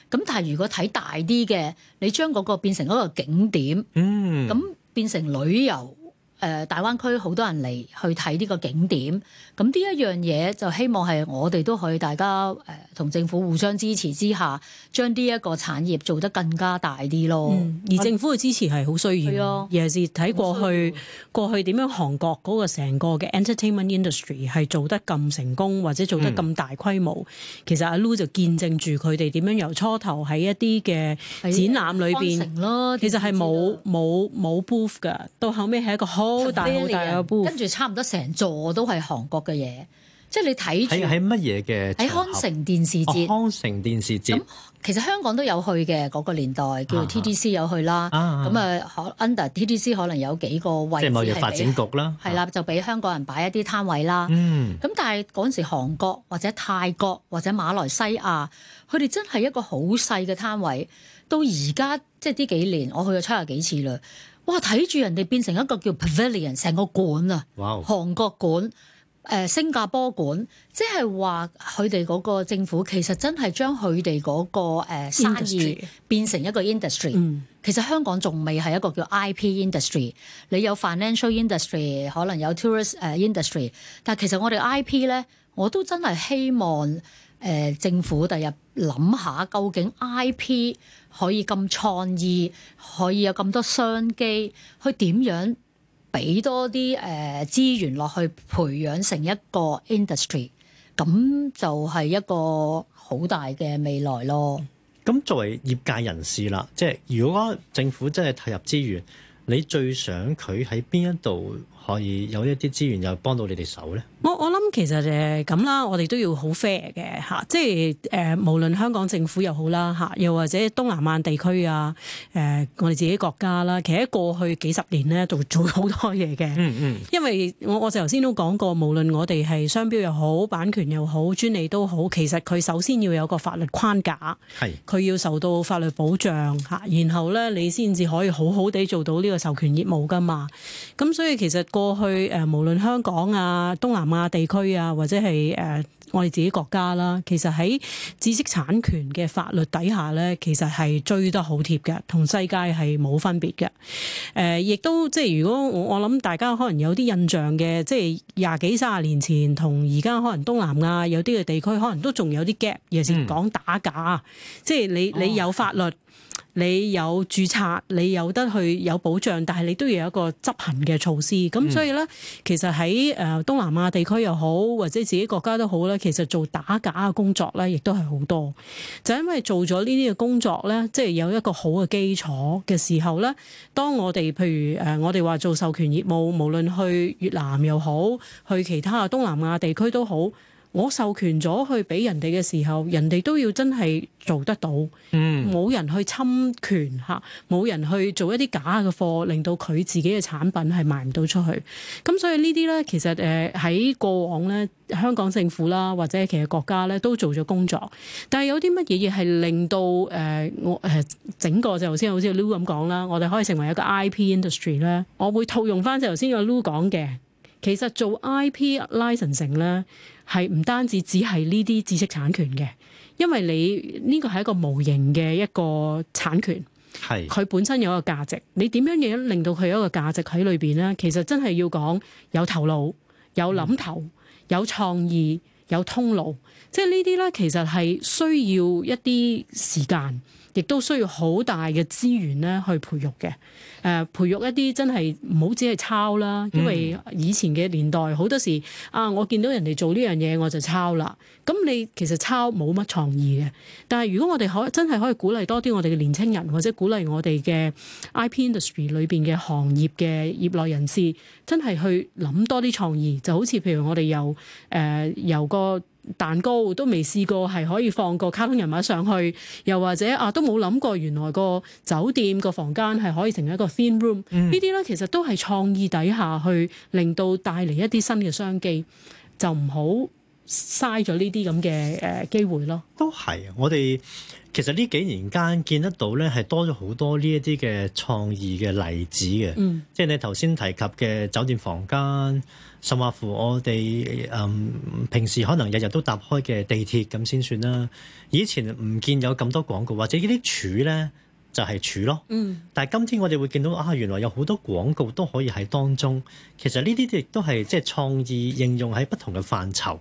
咁但係如果睇大啲嘅，你將嗰個變成一個景點，嗯，咁變成旅遊。誒、呃、大灣區好多人嚟去睇呢個景點，咁呢一樣嘢就希望係我哋都可以大家誒同、呃、政府互相支持之下，將呢一個產業做得更加大啲咯、嗯。而政府嘅支持係好需要，啊、尤其是睇過去過去點樣韓國個成個嘅 entertainment industry 係做得咁成功或者做得咁大規模，嗯、其實阿 Lu 就見證住佢哋點樣由初頭喺一啲嘅展覽裏邊，其實係冇冇冇 booth 嘅，到後尾係一個。哦、大跟住差唔多成座都係韓國嘅嘢，即係你睇住喺乜嘢嘅？喺康城電視節、哦，康城電視節。其實香港都有去嘅，嗰、那個年代叫做 TDC 有去啦。咁啊，就啊，under TDC 可能有幾個位，即係貿易發展局啦。係啦給，就俾、啊、香港人擺一啲攤位啦。嗯。咁但係嗰陣時，韓國或者泰國或者馬來西亞，佢哋真係一個好細嘅攤位。到而家即係呢幾年，我去咗七十幾次啦。哇！睇住人哋變成一個叫 Pavilion 成個館啊！哇！Wow. 韓國館、誒、呃、新加坡館，即係話佢哋嗰個政府其實真係將佢哋嗰個生意、呃、Industry. 變成一個 industry、嗯。其實香港仲未係一個叫 IP industry。你有 financial industry，可能有 tourist industry，但其實我哋 IP 呢，我都真係希望誒、呃、政府第日諗下究竟 IP。可以咁創意，可以有咁多商機，去點樣俾多啲誒資源落去培養成一個 industry，咁就係一個好大嘅未來咯。咁、嗯、作為業界人士啦，即係如果政府真係投入資源，你最想佢喺邊一度可以有一啲資源又幫到你哋手咧？我我諗其實誒咁啦，我哋都要好 fair 嘅吓、啊，即係誒、呃、無論香港政府又好啦吓、啊，又或者東南亞地區啊，誒、啊、我哋自己國家啦，其實過去幾十年咧，做做好多嘢嘅、嗯。嗯嗯。因為我我就頭先都講過，無論我哋係商標又好，版權又好，專利都好，其實佢首先要有個法律框架，係佢是要受到法律保障吓、啊，然後咧你先至可以好好地做到呢個授權業務噶嘛。咁所以其實過去誒、呃、無論香港啊，東南啊，地區啊，或者係誒、呃、我哋自己國家啦，其實喺知識產權嘅法律底下咧，其實係追得好貼嘅，同世界係冇分別嘅。誒、呃，亦都即係如果我我諗大家可能有啲印象嘅，即係廿幾卅年前同而家可能東南亞有啲嘅地區可能都仲有啲 gap，尤其是講打假、嗯、即係你你有法律。哦你有註冊，你有得去有保障，但係你都要有一個執行嘅措施。咁所以呢，其實喺誒、呃、東南亞地區又好，或者自己國家都好咧，其實做打假嘅工作咧，亦都係好多。就因為做咗呢啲嘅工作呢，即係有一個好嘅基礎嘅時候呢，當我哋譬如誒、呃，我哋話做授權業務，無論去越南又好，去其他嘅東南亞地區都好。我授權咗去俾人哋嘅時候，人哋都要真係做得到，冇、嗯、人去侵權嚇，冇人去做一啲假嘅貨，令到佢自己嘅產品係賣唔到出去。咁所以呢啲咧，其實誒喺、呃、過往咧，香港政府啦，或者其實國家咧，都做咗工作。但係有啲乜嘢嘢係令到誒、呃、我誒整個就頭先好似 Loo 咁講啦，我哋可以成為一個 IP industry 咧。我會套用返就頭先個 Loo 講嘅。其實做 IP licensing 咧，係唔單止只係呢啲知識產權嘅，因為你呢、呢個係一個無形嘅一個產權，係佢是本身有一個價值。你點樣嘢令到佢有一個價值喺裏邊咧？其實真係要講有頭腦、有諗頭、有創意、有通路，即係呢啲咧，其實係需要一啲時間。亦都需要好大嘅資源咧去培育嘅，誒、呃、培育一啲真係唔好只係抄啦，因為以前嘅年代好、嗯、多時啊，我見到人哋做呢樣嘢我就抄啦。咁你其實抄冇乜創意嘅，但係如果我哋可真係可以鼓勵多啲我哋嘅年青人，或者鼓勵我哋嘅 IP industry 裏邊嘅行業嘅業內人士，真係去諗多啲創意，就好似譬如我哋由誒由個。蛋糕都未試過係可以放個卡通人物上去，又或者啊都冇諗過原來個酒店個房間係可以成為一個 theme room、嗯。呢啲呢其實都係創意底下去令到帶嚟一啲新嘅商機，就唔好嘥咗呢啲咁嘅誒機會咯。呃、都係，我哋其實呢幾年間見得到呢係多咗好多呢一啲嘅創意嘅例子嘅，嗯、即係你頭先提及嘅酒店房間。甚至乎我哋誒、嗯、平時可能日日都搭開嘅地鐵咁先算啦。以前唔見有咁多廣告，或者呢啲柱咧就係、是、柱咯。嗯。但係今天我哋會見到啊，原來有好多廣告都可以喺當中。其實呢啲亦都係即係創意應用喺不同嘅範疇，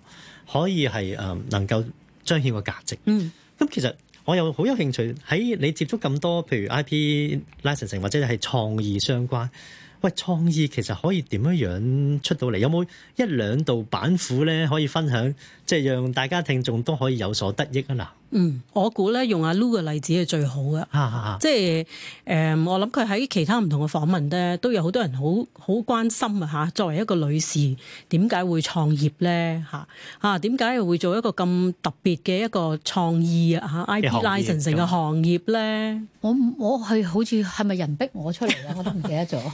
可以係誒、嗯、能夠彰顯個價值。嗯。咁其實我又好有興趣喺你接觸咁多，譬如 IP license 或者係創意相關。喂，創意其實可以點樣出到嚟？有冇一兩道板斧咧可以分享？即係讓大家聽眾都可以有所得益啊！嗱，嗯，我估咧用阿 Lu 嘅例子係最好嘅，啊、即係誒、呃，我諗佢喺其他唔同嘅訪問咧，都有好多人好好關心啊！嚇，作為一個女士，點解會創業咧？嚇啊，點解又會做一個咁特別嘅一個創意啊？嚇，IP license 成個行業咧、就是，我我係好似係咪人逼我出嚟啊？ 我都唔記得咗。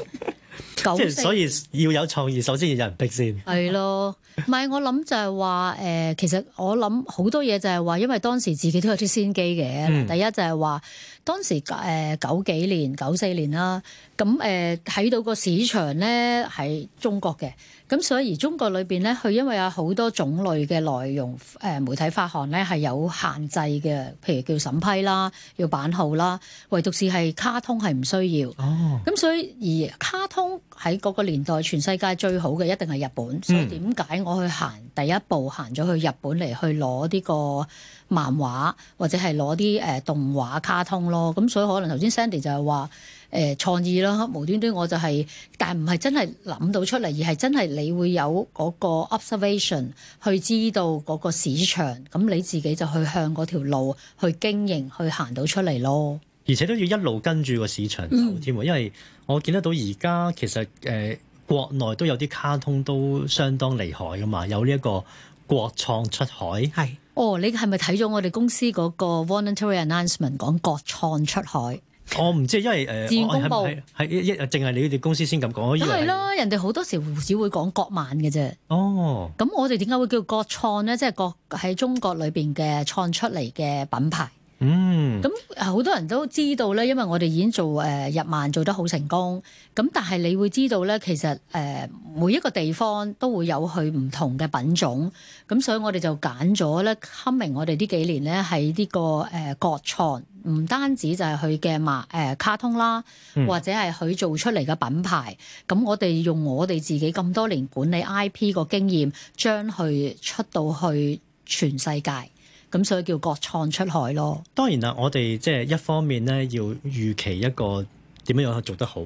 即係 94 所以要有創意，首先要有人逼先。係咯，唔係我諗就係話，誒、呃，其實我諗好多嘢就係話，因為當時自己都有啲先機嘅。嗯、第一就係話，當時誒九幾年、九四年啦，咁誒睇到個市場咧係中國嘅。咁所以而中國裏邊咧，佢因為有好多種類嘅內容，誒、呃、媒體發行咧係有限制嘅，譬如叫審批啦，要版號啦，唯獨是係卡通係唔需要。哦，咁所以而卡通喺嗰個年代，全世界最好嘅一定係日本。所以點解我去行第一步，行咗去日本嚟去攞呢個漫畫或者係攞啲誒動畫卡通咯？咁所以可能頭先 Sandy 就係話。誒創意咯，無端端我就係、是，但唔係真係諗到出嚟，而係真係你會有嗰個 observation 去知道嗰個市場，咁你自己就去向嗰條路去經營，去行到出嚟咯。而且都要一路跟住個市場走添，嗯、因為我見得到而家其實誒、呃、國內都有啲卡通都相當厲害㗎嘛，有呢一個國創出海。係是哦，你係咪睇咗我哋公司嗰個 voluntary announcement 講國創出海？我唔、哦、知，因為誒，係咪係一，淨係、哦、你哋公司先咁講？咁係啦，人哋好多時只會講國漫嘅啫。哦，咁我哋點解會叫國創咧？即係國喺中國裏邊嘅創出嚟嘅品牌。嗯，咁好多人都知道咧，因為我哋已經做誒、呃、日漫做得好成功。咁但係你會知道咧，其實誒、呃、每一個地方都會有佢唔同嘅品種，咁所以我哋就揀咗咧，康明我哋呢幾年咧喺呢、呢個誒國、呃、創，唔單止就係佢嘅漫誒卡通啦，或者係佢做出嚟嘅品牌。咁我哋用我哋自己咁多年管理 IP 個經驗，將佢出到去全世界。咁所以叫國創出海咯。當然啦，我哋即係一方面咧，要預期一個點樣去做得好；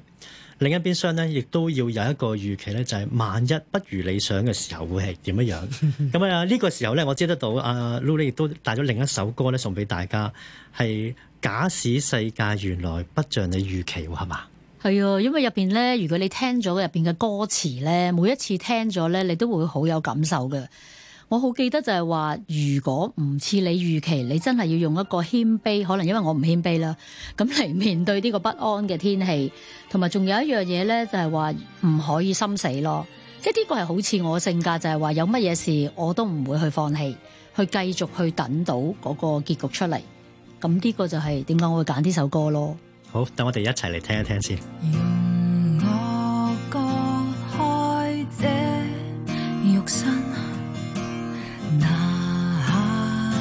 另一邊廂咧，亦都要有一個預期咧，就係萬一不如理想嘅時候會係點樣樣。咁啊，呢個時候咧，我知得到阿、啊、Lulu 亦都帶咗另一首歌咧送俾大家，係假使世界原來不像你預期，係嘛？係啊，因為入邊咧，如果你聽咗入邊嘅歌詞咧，每一次聽咗咧，你都會好有感受嘅。我好記得就係話，如果唔似你預期，你真係要用一個謙卑，可能因為我唔謙卑啦，咁嚟面對呢個不安嘅天氣，同埋仲有一樣嘢呢，就係話唔可以心死咯。即係呢個係好似我性格，就係話有乜嘢事我都唔會去放棄，去繼續去等到嗰個結局出嚟。咁呢個就係點解我會揀呢首歌咯。好，等我哋一齊嚟聽一聽先。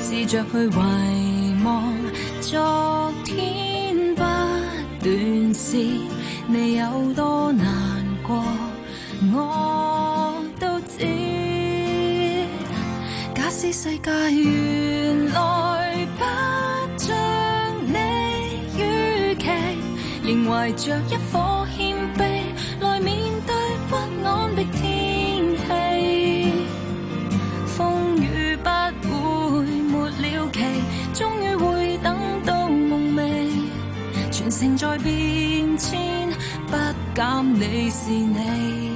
試着去遺忘昨天，不斷試，你有多難過，我都知。假使世界原來不像你預期，仍懷着一顆謙卑。在變遷，不敢你是你。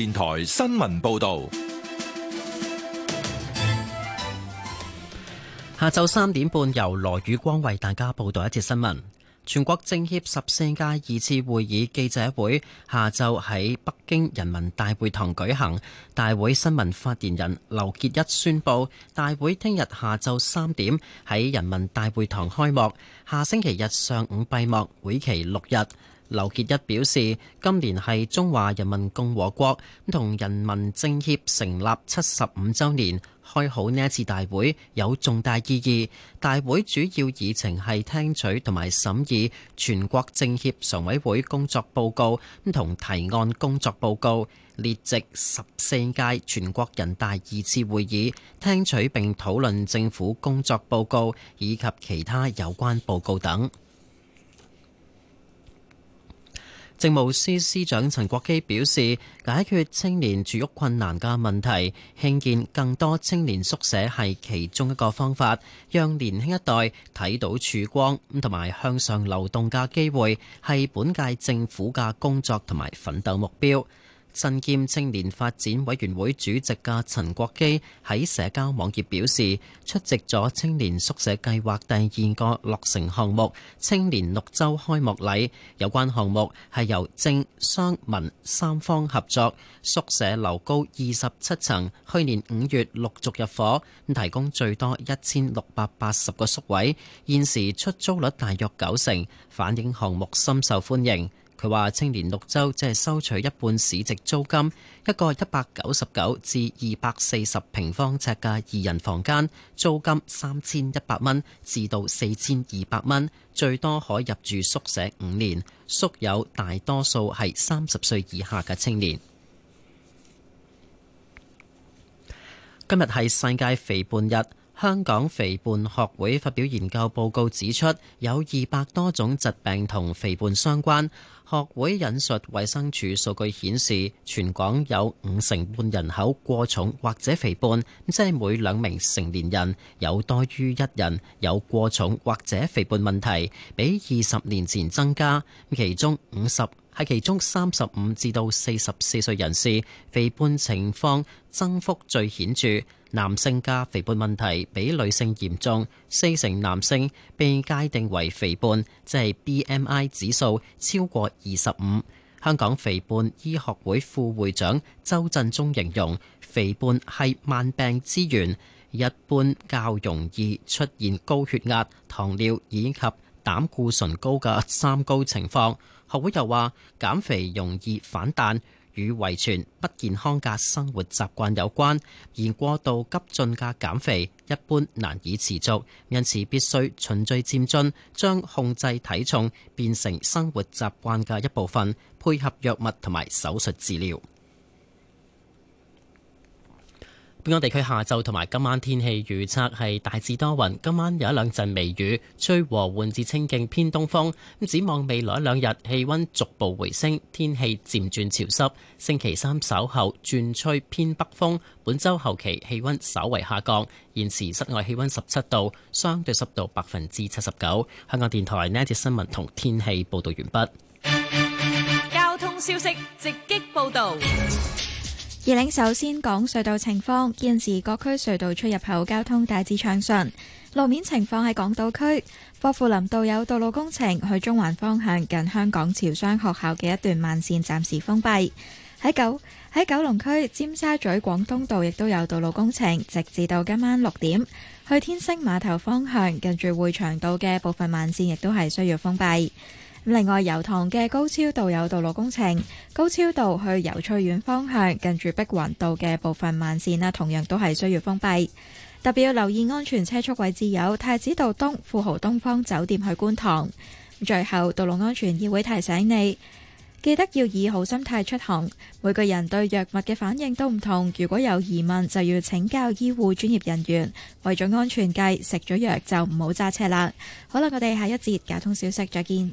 電台新聞報道，下晝三點半由羅宇光為大家報道一節新聞。全國政協十四屆二次會議記者會下晝喺北京人民大會堂舉行。大會新聞發言人劉結一宣布，大會聽日下晝三點喺人民大會堂開幕，下星期日上午閉幕，會期六日。劉杰一表示，今年係中華人民共和國同人民政協成立七十五週年，開好呢一次大會有重大意義。大會主要議程係聽取同埋審議全國政協常委會工作報告同提案工作報告，列席十四屆全國人大二次會議，聽取並討論政府工作報告以及其他有關報告等。政務司司長陳國基表示，解決青年住屋困難嘅問題，興建更多青年宿舍係其中一個方法，讓年輕一代睇到曙光，同埋向上流動嘅機會，係本屆政府嘅工作同埋奮鬥目標。鎮兼青年發展委員會主席嘅陳國基喺社交網頁表示，出席咗青年宿舍計劃第二個落成項目——青年綠洲開幕禮。有關項目係由政、商、民三方合作，宿舍樓高二十七層，去年五月陸續入伙，提供最多一千六百八十個宿位，現時出租率大約九成，反映項目深受歡迎。佢話：青年綠洲只係收取一半市值租金，一個一百九十九至二百四十平方尺嘅二人房間，租金三千一百蚊至到四千二百蚊，最多可入住宿舍五年。宿友大多數係三十歲以下嘅青年。今日係世界肥胖日，香港肥胖學會發表研究報告指出，有二百多種疾病同肥胖相關。學會引述衛生署數據顯示，全港有五成半人口過重或者肥胖，即係每兩名成年人有多於一人有過重或者肥胖問題，比二十年前增加。其中五十係其中三十五至到四十四歲人士，肥胖情況增幅最顯著。男性加肥胖問題比女性嚴重，四成男性被界定為肥胖，即係 BMI 指數超過二十五。香港肥胖醫學會副會長周振中形容，肥胖係萬病之源，一般較容易出現高血壓、糖尿以及膽固醇高嘅三高情況，學會又話減肥容易反彈。與遺傳、不健康嘅生活習慣有關，而過度急進嘅減肥一般難以持續，因此必須循序漸進，將控制體重變成生活習慣嘅一部分，配合藥物同埋手術治療。本港地區下晝同埋今晚天氣預測係大致多雲，今晚有一兩陣微雨，吹和緩至清勁偏東風。咁展望未來一兩日，氣温逐步回升，天氣漸轉潮濕。星期三稍後轉吹偏北風。本周後期氣温稍為下降，現時室外氣温十七度，相對濕度百分之七十九。香港電台 news 新聞同天氣報導完畢。交通消息直擊報導。二領首先講隧道情況，現時各區隧道出入口交通大致暢順。路面情況喺港島區，薄扶林道有道路工程，去中環方向近香港潮商學校嘅一段慢線暫時封閉。喺九喺九龍區尖沙咀廣東道亦都有道路工程，直至到今晚六點，去天星碼頭方向近住匯長道嘅部分慢線亦都係需要封閉。另外，油塘嘅高超道有道路工程，高超道去油翠苑方向，近住碧雲道嘅部分慢綫啊，同樣都係需要封閉。特別要留意安全車速位置有太子道東富豪東方酒店去觀塘。最後，道路安全議會提醒你，記得要以好心態出行。每個人對藥物嘅反應都唔同，如果有疑問就要請教醫護專業人員。為咗安全計，食咗藥就唔好揸車啦。好啦，我哋下一節交通消息再見。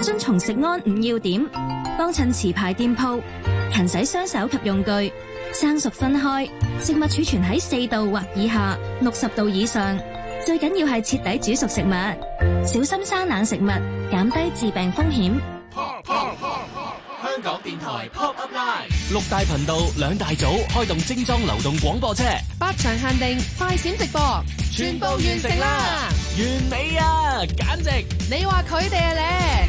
遵從食安唔要點，幫襯持牌店鋪，勤洗雙手及用具，生熟分開，食物儲存喺四度或以下，六十度以上，最緊要係徹底煮熟食物，小心生冷食物，減低致病風險。香港電台 Pop Up Live 六大頻道兩大組開動精裝流動廣播車，八場限定快閃直播，全部完成啦！完美啊，簡直！你話佢哋咧？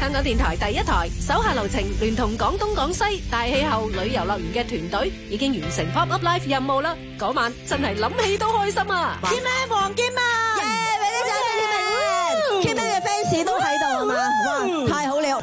香港電台第一台手下留情，聯同廣東廣西大氣候旅遊樂園嘅團隊已經完成 Pop Up Live 任務啦！嗰晚真係諗起都開心啊！Kimi 黃劍嘛，你咧就係 Kimi，Kimi 嘅 fans 都喺度係嘛？哇，太好了！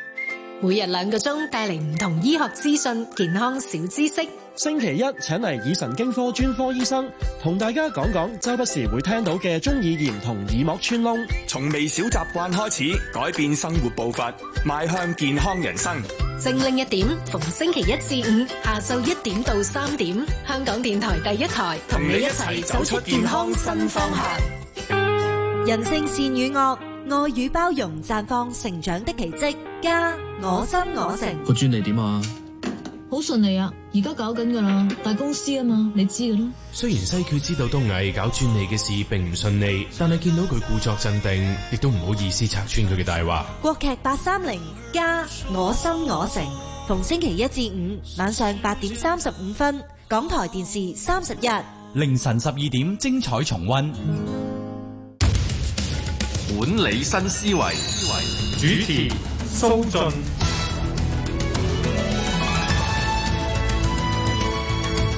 每日兩個鐘帶嚟唔同醫學資訊、健康小知識。星期一請嚟耳神經科專科醫生同大家講講，時不時會聽到嘅中耳炎同耳膜穿窿。從微小習慣開始，改變生活步伐，邁向健康人生。精靈一點，逢星期一至五下晝一點到三點，香港電台第一台同你一齊走出健康新方向。人性善與惡，愛與包容，綻放成長的奇迹。家。我心我城，個專利點啊？好順利啊！而家搞緊噶啦大公司啊嘛，你知噶啦。雖然西決知道東危搞專利嘅事並唔順利，但係見到佢故作鎮定，亦都唔好意思拆穿佢嘅大話。國劇八三零加我心我城，逢星期一至五晚上八點三十五分，港台電視三十一凌晨十二點精彩重溫。嗯、管理新思維，思維，主持維。蘇雋，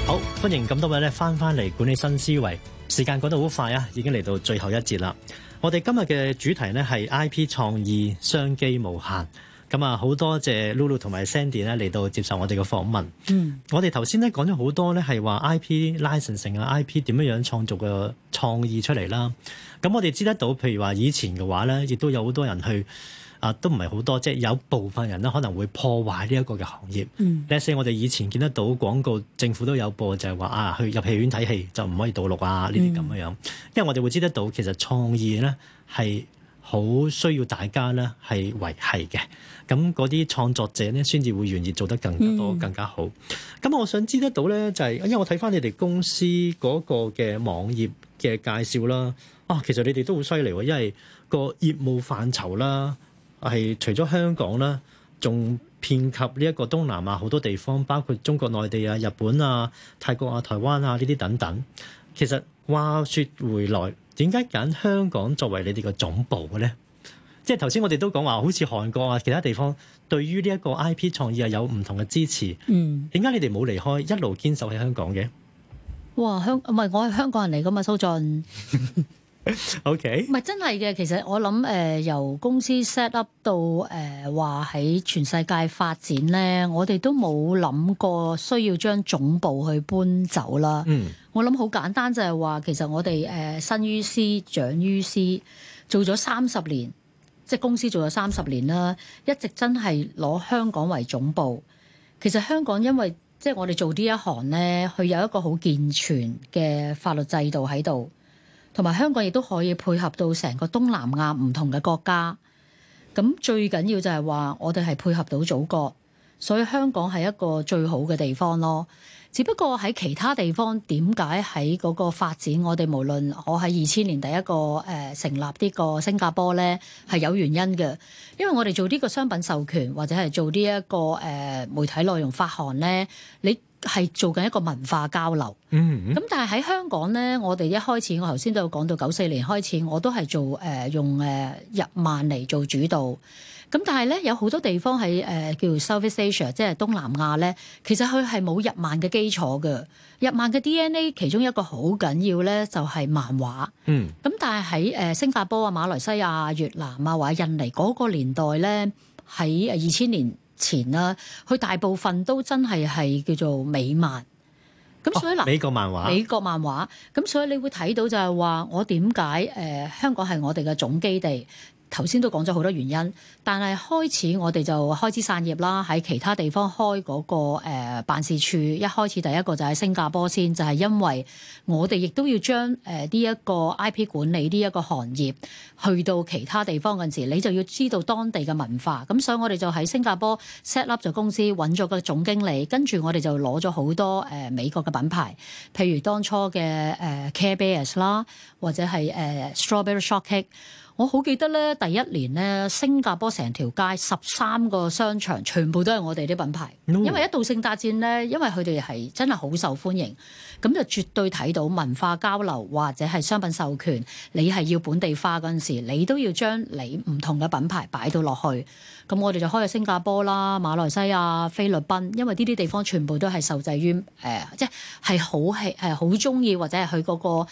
好，歡迎咁多位咧翻翻嚟管理新思維。時間過得好快啊，已經嚟到最後一節啦。我哋今日嘅主題呢係 I P 創意商機無限。咁啊，好多謝 Lulu 同埋 Sandy 咧，嚟到接受我哋嘅訪問。嗯，我哋頭先呢講咗好多呢係話 I P licensing 啊，I P 點樣樣創造嘅創意出嚟啦。咁我哋知得到，譬如話以前嘅話呢，亦都有好多人去。啊，都唔係好多，即、就、係、是、有部分人咧可能會破壞呢一個嘅行業。例如、嗯、我哋以前見得到廣告，政府都有播，就係、是、話啊，去入戲院睇戲就唔可以盜錄啊，呢啲咁嘅樣。嗯、因為我哋會知得到，其實創意咧係好需要大家咧係維繫嘅。咁嗰啲創作者咧先至會願意做得更加多、更加好。咁、嗯、我想知得到咧，就係、是、因為我睇返你哋公司嗰個嘅網頁嘅介紹啦。啊，其實你哋都好犀利，因為個業務範疇啦。係除咗香港啦，仲遍及呢一個東南亞好多地方，包括中國內地啊、日本啊、泰國啊、台灣啊呢啲等等。其實話說回來，點解揀香港作為你哋嘅總部嘅咧？即係頭先我哋都講話，好似韓國啊、其他地方對於呢一個 IP 創意啊有唔同嘅支持。嗯，點解你哋冇離開，一路堅守喺香港嘅？哇，香唔係我係香港人嚟㗎嘛，蘇雋。 O.K. 唔係真係嘅，其實我諗誒、呃，由公司 set up 到誒話喺全世界發展咧，我哋都冇諗過需要將總部去搬走啦。嗯，我諗好簡單就係話，其實我哋誒生於斯長於斯，做咗三十年，即係公司做咗三十年啦，一直真係攞香港為總部。其實香港因為即係我哋做呢一行咧，佢有一個好健全嘅法律制度喺度。同埋香港亦都可以配合到成個東南亞唔同嘅國家，咁最緊要就係話我哋係配合到祖國，所以香港係一個最好嘅地方咯。只不過喺其他地方點解喺嗰個發展，我哋無論我喺二千年第一個誒、呃、成立呢個新加坡咧，係有原因嘅，因為我哋做呢個商品授權或者係做呢、這、一個誒、呃、媒體內容發行咧，你。係做緊一個文化交流，咁、mm hmm. 但係喺香港咧，我哋一開始我頭先都有講到九四年開始，我都係做誒、呃、用誒日漫嚟做主導，咁但係咧有好多地方喺誒、呃、叫 Southeast Asia，即係東南亞咧，其實佢係冇日漫嘅基礎嘅，日漫嘅 DNA 其中一個好緊要咧就係、是、漫畫，咁、mm hmm. 但係喺誒新加坡啊、馬來西亞、越南啊、或者印尼嗰個年代咧，喺二千年。前啦，佢大部分都真係，係叫做美漫，咁、哦、所以嗱，美國漫畫，美國漫畫，咁所以你會睇到就係話我點解誒香港係我哋嘅總基地？頭先都講咗好多原因，但係開始我哋就開始散業啦。喺其他地方開嗰、那個誒、呃、辦事處，一開始第一個就喺新加坡先，就係、是、因為我哋亦都要將誒呢一個 IP 管理呢一個行業去到其他地方嗰陣時，你就要知道當地嘅文化。咁、嗯、所以我哋就喺新加坡 set up 咗公司，揾咗個總經理，跟住我哋就攞咗好多誒、呃、美國嘅品牌，譬如當初嘅誒、呃、Care Bears 啦，或者係誒、呃、Strawberry Shortcake。我好記得咧，第一年咧，新加坡成條街十三個商場全部都係我哋啲品牌，No. 因為一到聖誕節咧，因為佢哋係真係好受歡迎，咁就絕對睇到文化交流或者係商品授權，你係要本地化嗰陣時，你都要將你唔同嘅品牌擺到落去。咁我哋就開咗新加坡啦、馬來西亞、菲律賓，因為呢啲地方全部都係受制於誒，即係好係係好中意或者係佢嗰個。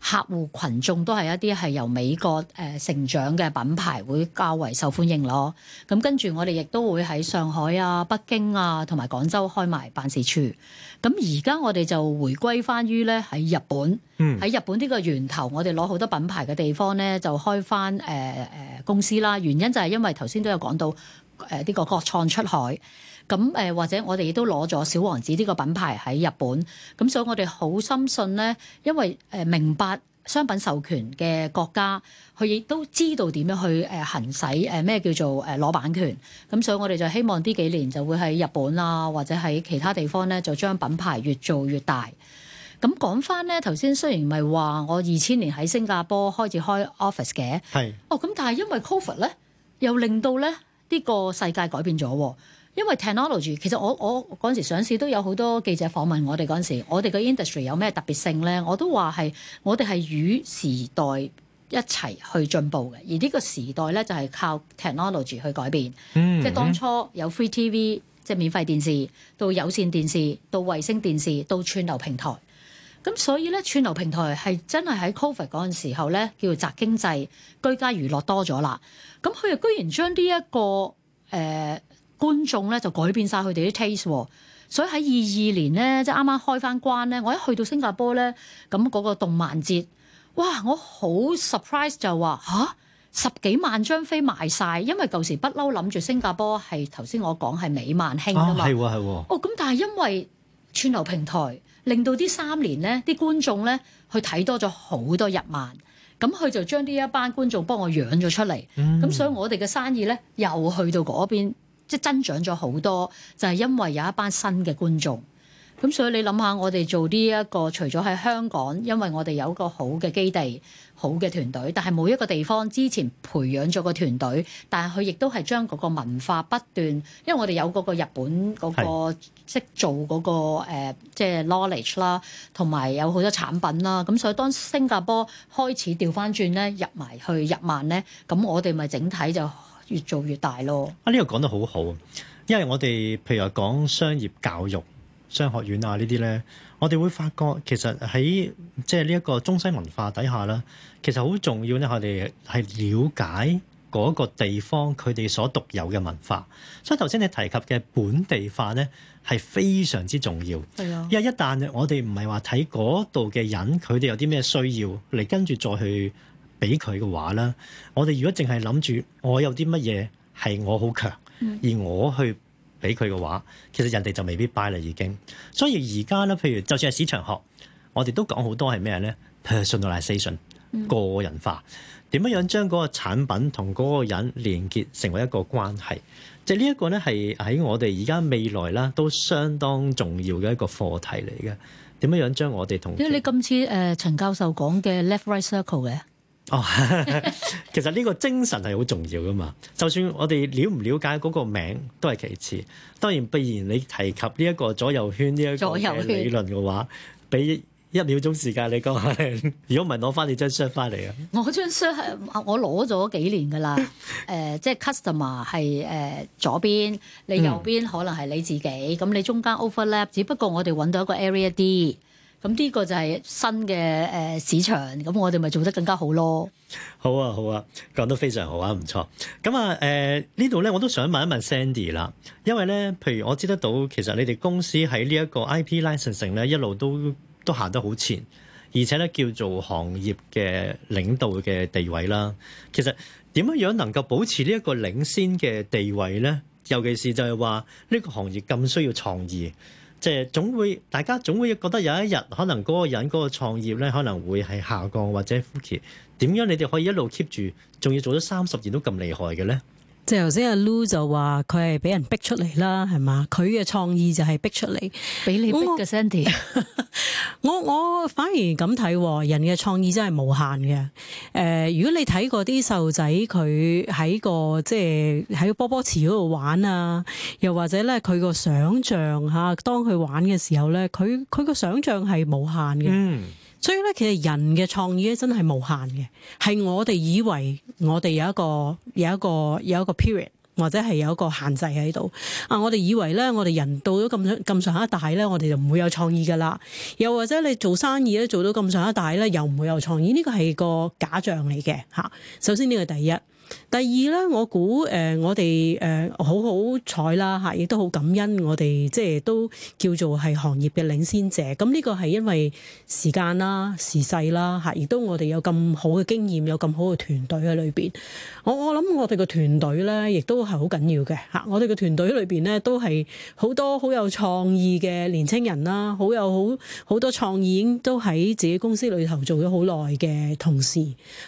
客戶群眾都係一啲係由美國誒、呃、成長嘅品牌會較為受歡迎咯。咁、嗯、跟住我哋亦都會喺上海啊、北京啊同埋廣州開埋辦事處。咁而家我哋就回歸翻於咧喺日本，喺日本呢個源頭，我哋攞好多品牌嘅地方咧就開翻誒誒公司啦。原因就係因為頭先都有講到誒呢、呃呢個國創出海。咁誒，或者我哋亦都攞咗小王子呢個品牌喺日本。咁所以，我哋好深信呢，因為誒明白商品授權嘅國家，佢亦都知道點樣去誒行使誒咩叫做誒攞版權。咁所以，我哋就希望呢幾年就會喺日本啊，或者喺其他地方呢，就將品牌越做越大。咁講翻呢，頭先雖然唔係話我二千年喺新加坡開始開 office 嘅，係是。哦，咁但係因為 COVID 咧，又令到咧呢個世界改變咗。因為 technology 其實，我我嗰陣時上市都有好多記者訪問，我哋嗰陣時，我哋嘅 industry 有咩特別性咧？我都話係我哋係與時代一齊去進步嘅，而呢個時代咧就係、是、靠 technology 去改變。即係當初有 free TV 即係免費電視，到有線電視，到衛星電視，到串流平台。咁所以咧，串流平台係真係喺 Covid 嗰陣時候咧，叫做宅經濟居家娛樂多咗啦。咁佢又居然將呢一個誒～、呃觀眾咧就改變晒佢哋啲 taste，所以喺二二年咧即係啱啱開翻關咧，我一去到新加坡咧，咁嗰個動漫節，哇！我好 surprise 就話吓、啊，十幾萬張飛賣晒，因為舊時不嬲諗住新加坡係頭先我講係美漫興啊嘛，係喎係喎。啊啊、哦咁，但係因為串流平台令到呢三年咧啲觀眾咧去睇多咗好多日漫，咁佢就將呢一班觀眾幫我養咗出嚟，咁、嗯、所以我哋嘅生意咧又去到嗰邊。即增長咗好多，就係、是、因為有一班新嘅觀眾。咁所以你諗下，我哋做呢、這、一個，除咗喺香港，因為我哋有一個好嘅基地、好嘅團隊，但係冇一個地方之前培養咗個團隊，但係佢亦都係將嗰個文化不斷。因為我哋有嗰個日本嗰、那個識是做嗰、那個、呃、即係 knowledge 啦，同埋有好多產品啦。咁所以當新加坡開始掉返轉咧，入埋去日漫咧，咁我哋咪整體就。越做越大咯！啊，呢個講得好好，因為我哋譬如話講商業教育、商學院啊呢啲咧，我哋會發覺其實喺即係呢一個中西文化底下啦，其實好重要咧。我哋係了解嗰個地方佢哋所獨有嘅文化，所以頭先你提及嘅本地化咧係非常之重要。係啊，因為一旦呢我哋唔係話睇嗰度嘅人，佢哋有啲咩需要，嚟跟住再去。俾佢嘅話咧，我哋如果淨係諗住我有啲乜嘢係我好強，而我去俾佢嘅話，其實人哋就未必 buy 啦已經。所以而家咧，譬如就算係市場學，我哋都講好多係咩咧？personalization 個人化，點樣樣將嗰個產品同嗰個人連結成為一個關係，即係呢一個咧係喺我哋而家未來啦都相當重要嘅一個課題嚟嘅。點樣樣將我哋同，因為你今次誒陳教授講嘅 left right circle 嘅？Cir 哦， 其實呢個精神係好重要噶嘛，就算我哋了唔了解嗰個名都係其次。當然，必然你提及呢一個左右圈呢一個理論嘅話，俾一秒鐘時間你講下。如果唔係，攞翻你張相翻嚟啊！我張相係我攞咗幾年噶啦，誒、 呃，即係 customer 係誒左邊，你右邊可能係你自己，咁、嗯、你中間 overlap，只不過我哋揾到一個 area 一啲。咁呢個就係新嘅誒、呃、市場，咁我哋咪做得更加好咯。好啊，好啊，講得非常好啊，唔錯。咁啊，誒、呃、呢度咧，我都想問一問 Sandy 啦，因為咧，譬如我知得到，其實你哋公司喺呢一個 IP licensing 咧，一路都都行得好前，而且咧叫做行業嘅領導嘅地位啦。其實點樣樣能夠保持呢一個領先嘅地位咧？尤其是就係話呢個行業咁需要創意。即係總會，大家總會覺得有一日可能嗰個人嗰個創業咧可能會係下降或者枯竭，點樣你哋可以一路 keep 住，仲要做咗三十年都咁厲害嘅咧？即係頭先阿 Loo 就話佢係俾人逼出嚟啦，係嘛？佢嘅創意就係逼出嚟，俾你逼嘅 s a 我 Sandy 我，我反而咁睇，人嘅創意真係無限嘅。誒、呃，如果你睇過啲細路仔佢喺個即係喺波波池嗰度玩啊，又或者咧佢個想象吓，當佢玩嘅時候咧，佢佢個想象係無限嘅。嗯所以咧，其實人嘅創意咧真係無限嘅，係我哋以為我哋有一個有一個有一個 period，或者係有一個限制喺度啊。我哋以為咧，我哋人到咗咁上咁上一代，咧，我哋就唔會有創意㗎喇。又或者你做生意咧，做到咁上一代，咧，又唔會有創意。呢個係個假象嚟嘅吓。首先呢個第一。第二咧，我估誒、呃，我哋誒好好彩啦吓，亦、呃啊、都好感恩我哋，即係都叫做係行業嘅領先者。咁、嗯、呢、這個係因為時間啦、時勢啦吓，亦、啊、都我哋有咁好嘅經驗，有咁好嘅團隊喺裏邊，我我諗我哋嘅團隊咧，亦都係好緊要嘅吓、啊，我哋嘅團隊裏邊呢，都係好多好有創意嘅年青人啦，好有好好多創意已經都喺自己公司裏頭做咗好耐嘅同事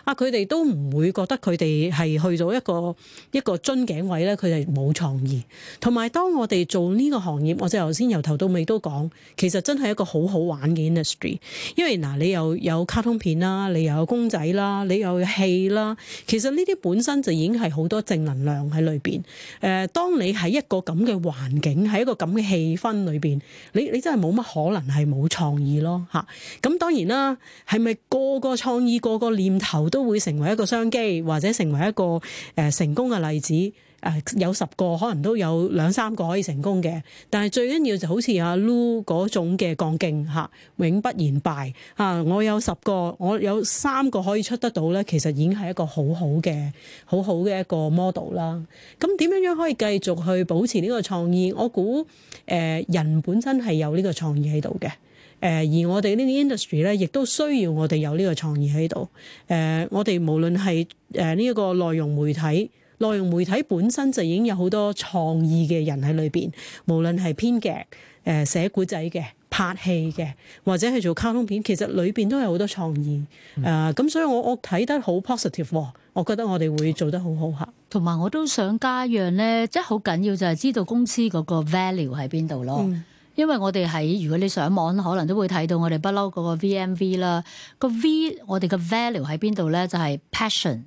啊！佢哋都唔會覺得佢哋係，去到一個一個樽頸位咧，佢係冇創意。同埋當我哋做呢個行業，我就頭先由頭到尾都講，其實真係一個好好玩嘅 industry。因為嗱，你又有，有卡通片啦，你又有公仔啦，你又有戲啦，其實呢啲本身就已經係好多正能量喺裏邊。誒、呃，當你喺一個咁嘅環境，喺一個咁嘅氣氛裏邊，你你真係冇乜可能係冇創意咯嚇。咁、啊、當然啦，係咪個個創意、個個念頭都會成為一個商機，或者成為一個個誒、呃、成功嘅例子誒、呃、有十個可能都有兩三個可以成功嘅，但係最緊要就好似阿 Lou 嗰種嘅幹勁吓，永不言敗吓、啊。我有十個，我有三個可以出得到呢，其實已經係一個好好嘅、好好嘅一個 model 啦。咁點樣樣可以繼續去保持呢個創意？我估誒、呃、人本身係有呢個創意喺度嘅。誒而我哋呢個 industry 咧，亦都需要我哋有呢個創意喺度。誒、呃，我哋無論係誒呢一個內容媒體，內容媒體本身就已經有好多創意嘅人喺裏邊。無論係編劇、誒寫故仔嘅、拍戲嘅，或者係做卡通片，其實裏邊都有好多創意。誒、呃、咁，所以我我睇得好 positive，我覺得我哋會做得好好吓。同埋我都想加一樣呢，即係好緊要就係知道公司嗰個 value 喺邊度咯。嗯因為我哋喺如果你上網可能都會睇到我哋不嬲嗰個 VMV 啦，個 V 我哋嘅 value 喺邊度咧？就係 passion、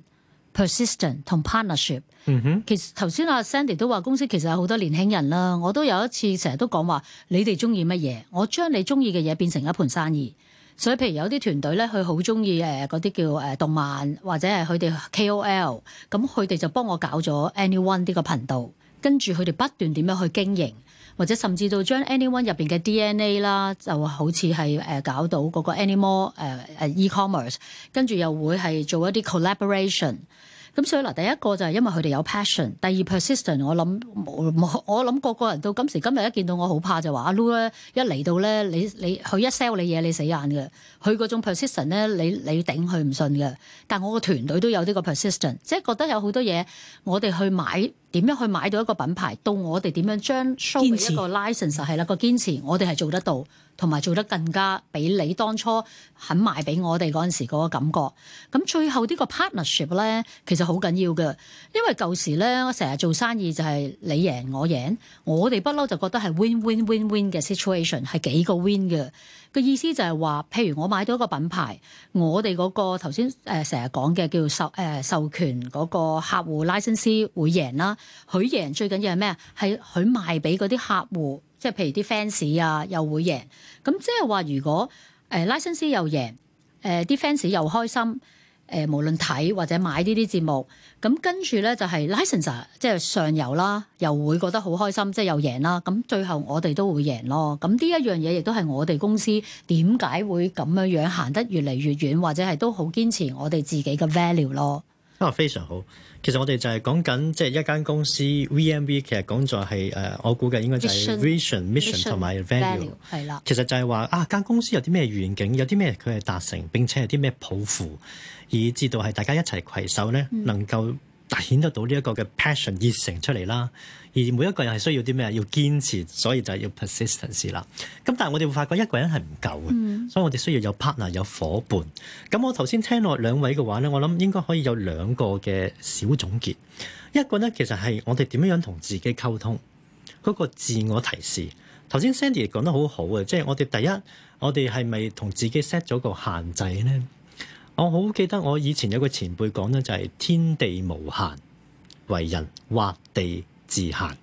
persistent 同 partnership。嗯、哼其實頭先阿 Sandy 都話公司其實有好多年輕人啦，我都有一次成日都講話你哋中意乜嘢，我將你中意嘅嘢變成一盤生意。所以譬如有啲團隊咧，佢好中意誒嗰啲叫誒動漫或者係佢哋 KOL，咁佢哋就幫我搞咗 Anyone 呢個頻道，跟住佢哋不斷點樣去經營。或者甚至到將 anyone 入邊嘅 DNA 啦，就好似係誒搞到嗰個 any more、uh, e-commerce，跟住又會係做一啲 collaboration。咁所以嗱，第一個就係因為佢哋有 passion，第二 persistent。我諗我諗個個人到今時今日一見到我好怕就話阿 Lu 啊，一嚟到咧，你你佢一 sell 你嘢你死眼嘅，佢嗰種 persistent 咧，你你頂佢唔信嘅。但我個團隊都有呢個 persistent，即係覺得有好多嘢我哋去買。點樣去買到一個品牌？到我哋點樣將 show 一個 license 係啦，個堅持，我哋係做得到，同埋做得更加比你當初肯賣俾我哋嗰陣時嗰個感覺。咁最後個呢個 partnership 咧，其實好緊要嘅，因為舊時咧我成日做生意就係你贏我贏，我哋不嬲就覺得係 win win win win 嘅 situation，係幾個 win 嘅。個意思就係話，譬如我買到一個品牌，我哋嗰個頭先誒成日講嘅叫授誒、呃、授權嗰個客戶 license 會贏啦，佢贏最緊要係咩？係佢賣俾嗰啲客戶，即係譬如啲 fans 啊又會贏，咁、嗯、即係話如果誒、呃、license 又贏，誒、呃、啲 fans 又開心。誒無論睇或者買呢啲節目，咁跟住咧就係 license 即係上游啦，又會覺得好開心，即係又贏啦。咁最後我哋都會贏咯。咁呢一樣嘢亦都係我哋公司點解會咁樣樣行得越嚟越遠，或者係都好堅持我哋自己嘅 value 咯。啊，oh, 非常好。其實我哋就係講緊即係一間公司 VMV，其實講咗係誒，我估計應該就係 vision、mission 同埋 value。係啦。其實就係話啊，間公司有啲咩願景，有啲咩佢係達成，並且有啲咩抱負。以至到係大家一齊攜手咧，能夠凸顯得到呢一個嘅 passion 熱誠出嚟啦。而每一個人係需要啲咩？要堅持，所以就係要 persistence 啦。咁但係我哋會發覺一個人係唔夠嘅，所以我哋需要有 partner 有伙伴。咁我頭先聽落兩位嘅話咧，我諗應該可以有兩個嘅小總結。一個咧，其實係我哋點樣樣同自己溝通嗰個自我提示。頭先 Sandy 講得好好啊，即係我哋第一，我哋係咪同自己 set 咗個限制咧？我好記得我以前有個前輩講咧，就係天地無限，為人畫地自限。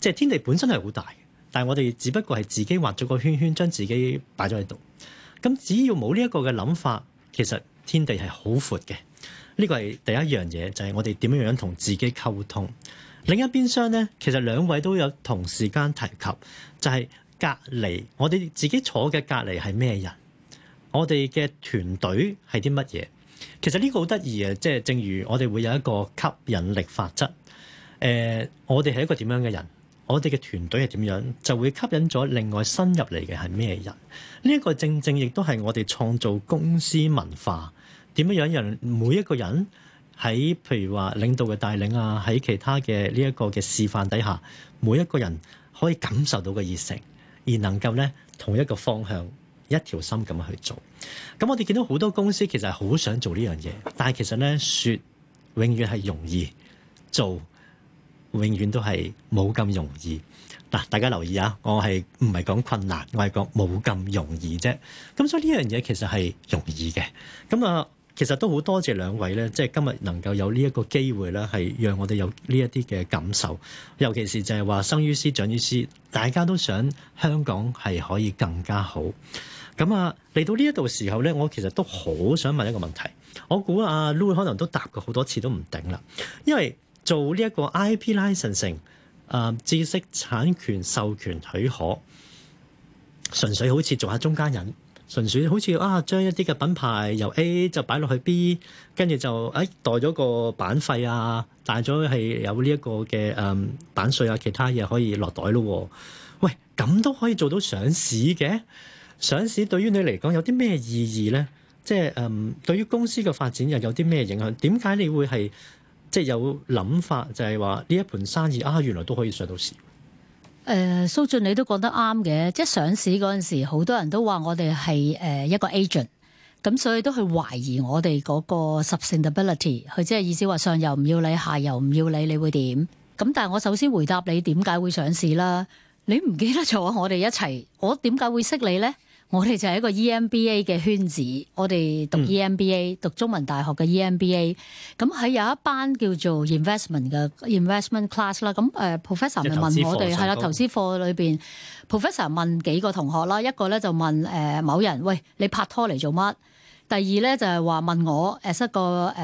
即係天地本身係好大，但係我哋只不過係自己畫咗個圈圈，將自己擺咗喺度。咁只要冇呢一個嘅諗法，其實天地係好闊嘅。呢個係第一樣嘢，就係、是、我哋點樣樣同自己溝通。另一邊廂咧，其實兩位都有同時間提及，就係、是、隔離。我哋自己坐嘅隔離係咩人？我哋嘅團隊係啲乜嘢？其實呢個好得意啊！即係，正如我哋會有一個吸引力法則。誒、呃，我哋係一個點樣嘅人？我哋嘅團隊係點樣？就會吸引咗另外新入嚟嘅係咩人？呢、這、一個正正亦都係我哋創造公司文化點樣樣，讓每一個人喺譬如話領導嘅帶領啊，喺其他嘅呢一個嘅示範底下，每一個人可以感受到嘅熱誠，而能夠咧同一個方向、一條心咁去做。咁我哋見到好多公司其實好想做呢樣嘢，但係其實咧說永遠係容易，做永遠都係冇咁容易。嗱，大家留意啊，我係唔係講困難，我係講冇咁容易啫。咁所以呢樣嘢其實係容易嘅。咁啊，其實都好多謝兩位咧，即係今日能夠有呢一個機會咧，係讓我哋有呢一啲嘅感受，尤其是就係話生於斯長於斯，大家都想香港係可以更加好。咁啊，嚟到呢一度時候咧，我其實都好想問一個問題。我估阿 Lu 可能都答過好多次都唔頂啦，因為做呢一個 IP licensing、嗯、知識產權授權許可，純粹好似做下中間人，純粹好似啊將一啲嘅品牌由 A 就擺落去 B，跟住就誒、哎、代咗個版費啊，帶咗係有呢一個嘅嗯版稅啊，其他嘢可以落袋咯、啊。喂，咁都可以做到上市嘅？上市對於你嚟講有啲咩意義呢？即係誒，對於公司嘅發展又有啲咩影響？點解你會係即係有諗法就，就係話呢一盤生意啊，原來都可以上到市。誒、呃，蘇雋，你都講得啱嘅。即係上市嗰陣時，好多人都話我哋係誒一個 agent，咁所以都去懷疑我哋嗰個 sustainability。佢即係意思話上游唔要你，下游唔要你，你會點？咁但係我首先回答你點解會上市啦？你唔記得咗我哋一齊？我點解會識你呢？我哋就係一個 EMBA 嘅圈子，我哋讀 EMBA，、嗯、讀中文大學嘅 EMBA。咁喺有一班叫做 investment 嘅 investment class 啦。咁誒 professor 咪問我哋係啦，投資課裏邊 professor 問幾個同學啦，一個咧就問誒、呃、某人，喂，你拍拖嚟做乜？第二咧就係、是、話問我，as 一個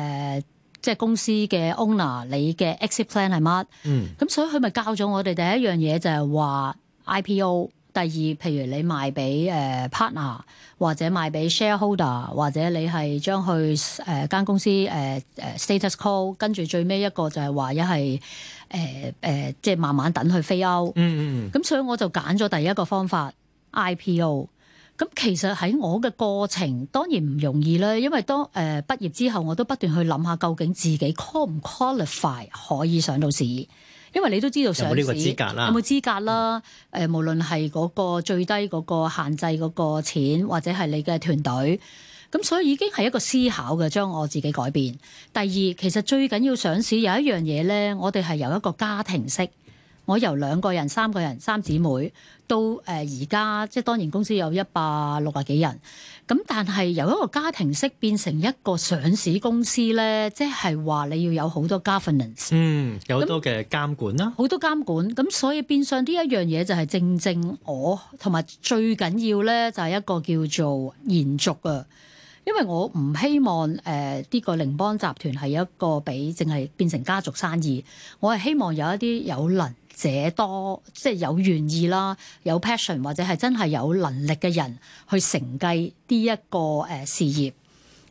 即係公司嘅 owner，你嘅 exit plan 係乜？咁、嗯、所以佢咪教咗我哋第一樣嘢就係、是、話 IPO。第二，譬如你賣俾誒、uh, partner，或者賣俾 shareholder，或者你係將去誒間公司誒誒 status call，跟住最尾一個就係話一係誒誒，即、uh, 係、uh, 慢慢等佢非歐。嗯嗯、mm。咁、hmm. 所以我就揀咗第一個方法 IPO。咁其實喺我嘅過程當然唔容易啦，因為當誒、uh, 畢業之後我都不斷去諗下究竟自己 qual 唔 qualify 可以上到市。因為你都知道上市有冇呢個資格啦，有冇資格啦？誒、嗯，無論係嗰個最低嗰個限制嗰個錢，或者係你嘅團隊，咁所以已經係一個思考嘅將我自己改變。第二，其實最緊要上市有一樣嘢咧，我哋係由一個家庭式。我由兩個人、三個人、三姊妹到誒，而家，即係當然公司有一百六十幾人。咁但係由一個家庭式變成一個上市公司咧，即係話你要有好多 governance，嗯，有好多嘅監管啦，好那多監管。咁、啊、所以變相呢一樣嘢就係正正我同埋最緊要咧，就係一個叫做延續啊。因為我唔希望誒呢、呃，這個羚邦集團係一個俾淨係變成家族生意，我係希望有一啲有能者多即係有願意啦，有 passion 或者係真係有能力嘅人去承繼呢一個誒事業。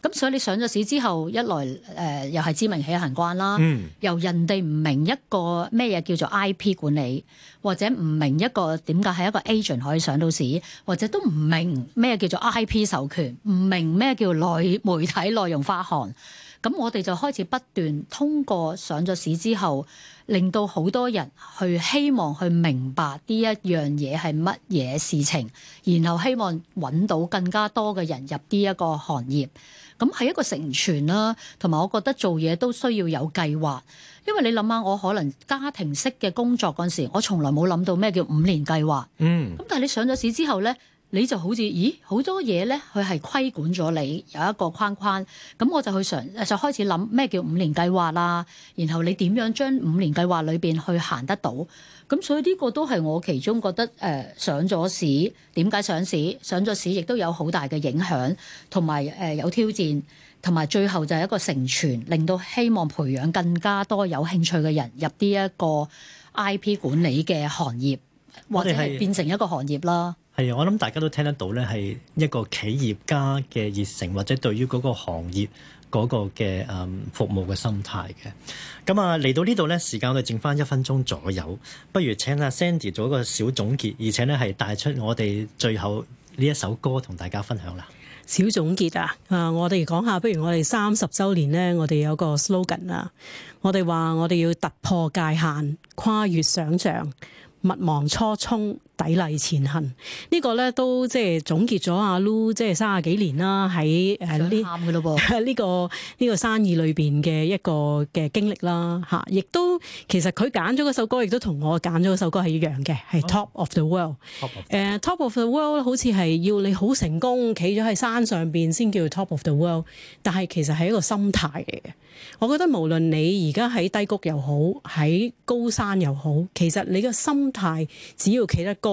咁、嗯、所以你上咗市之後，一來誒、呃、又係知名起行關啦，由、嗯、人哋唔明一個咩嘢叫做 I P 管理，或者唔明一個點解係一個 agent 可以上到市，或者都唔明咩叫做 I P 授權，唔明咩叫內媒體內容發行。咁我哋就開始不斷通過上咗市之後。令到好多人去希望去明白呢一樣嘢係乜嘢事情，然後希望揾到更加多嘅人入呢一個行業，咁係一個成全啦、啊。同埋我覺得做嘢都需要有計劃，因為你諗下，我可能家庭式嘅工作嗰陣時，我從來冇諗到咩叫五年計劃，嗯，咁但係你上咗市之後咧。你就好似，咦，好多嘢咧，佢係規管咗你有一個框框，咁我就去上就開始諗咩叫五年計劃啦，然後你點樣將五年計劃裏邊去行得到？咁所以呢個都係我其中覺得誒、呃、上咗市，點解上市？上咗市亦都有好大嘅影響，同埋誒有挑戰，同埋最後就係一個成全，令到希望培養更加多有興趣嘅人入呢一個 IP 管理嘅行業，或者係變成一個行業啦。係我諗大家都聽得到咧，係一個企業家嘅熱誠，或者對於嗰個行業嗰個嘅誒服務嘅心態嘅。咁啊，嚟到呢度咧，時間我哋剩翻一分鐘左右，不如請阿 Sandy 做一個小總結，而且咧係帶出我哋最後呢一首歌同大家分享啦。小總結啊，啊，我哋講下，不如我哋三十周年咧，我哋有個 slogan 啊，我哋話我哋要突破界限，跨越想像，勿忘初衷。砥礪前行，呢、這個咧都即係總結咗阿 Lou 即係三十幾年啦，喺誒呢個呢、這個生意裏邊嘅一個嘅經歷啦嚇，亦都其實佢揀咗嗰首歌，亦都同我揀咗嗰首歌係一樣嘅，係、哦、Top of the World。誒，Top of the World 好似係要你好成功，企咗喺山上邊先叫做 Top of the World，但係其實係一個心態嚟嘅。我覺得無論你而家喺低谷又好，喺高山又好，其實你個心態只要企得高。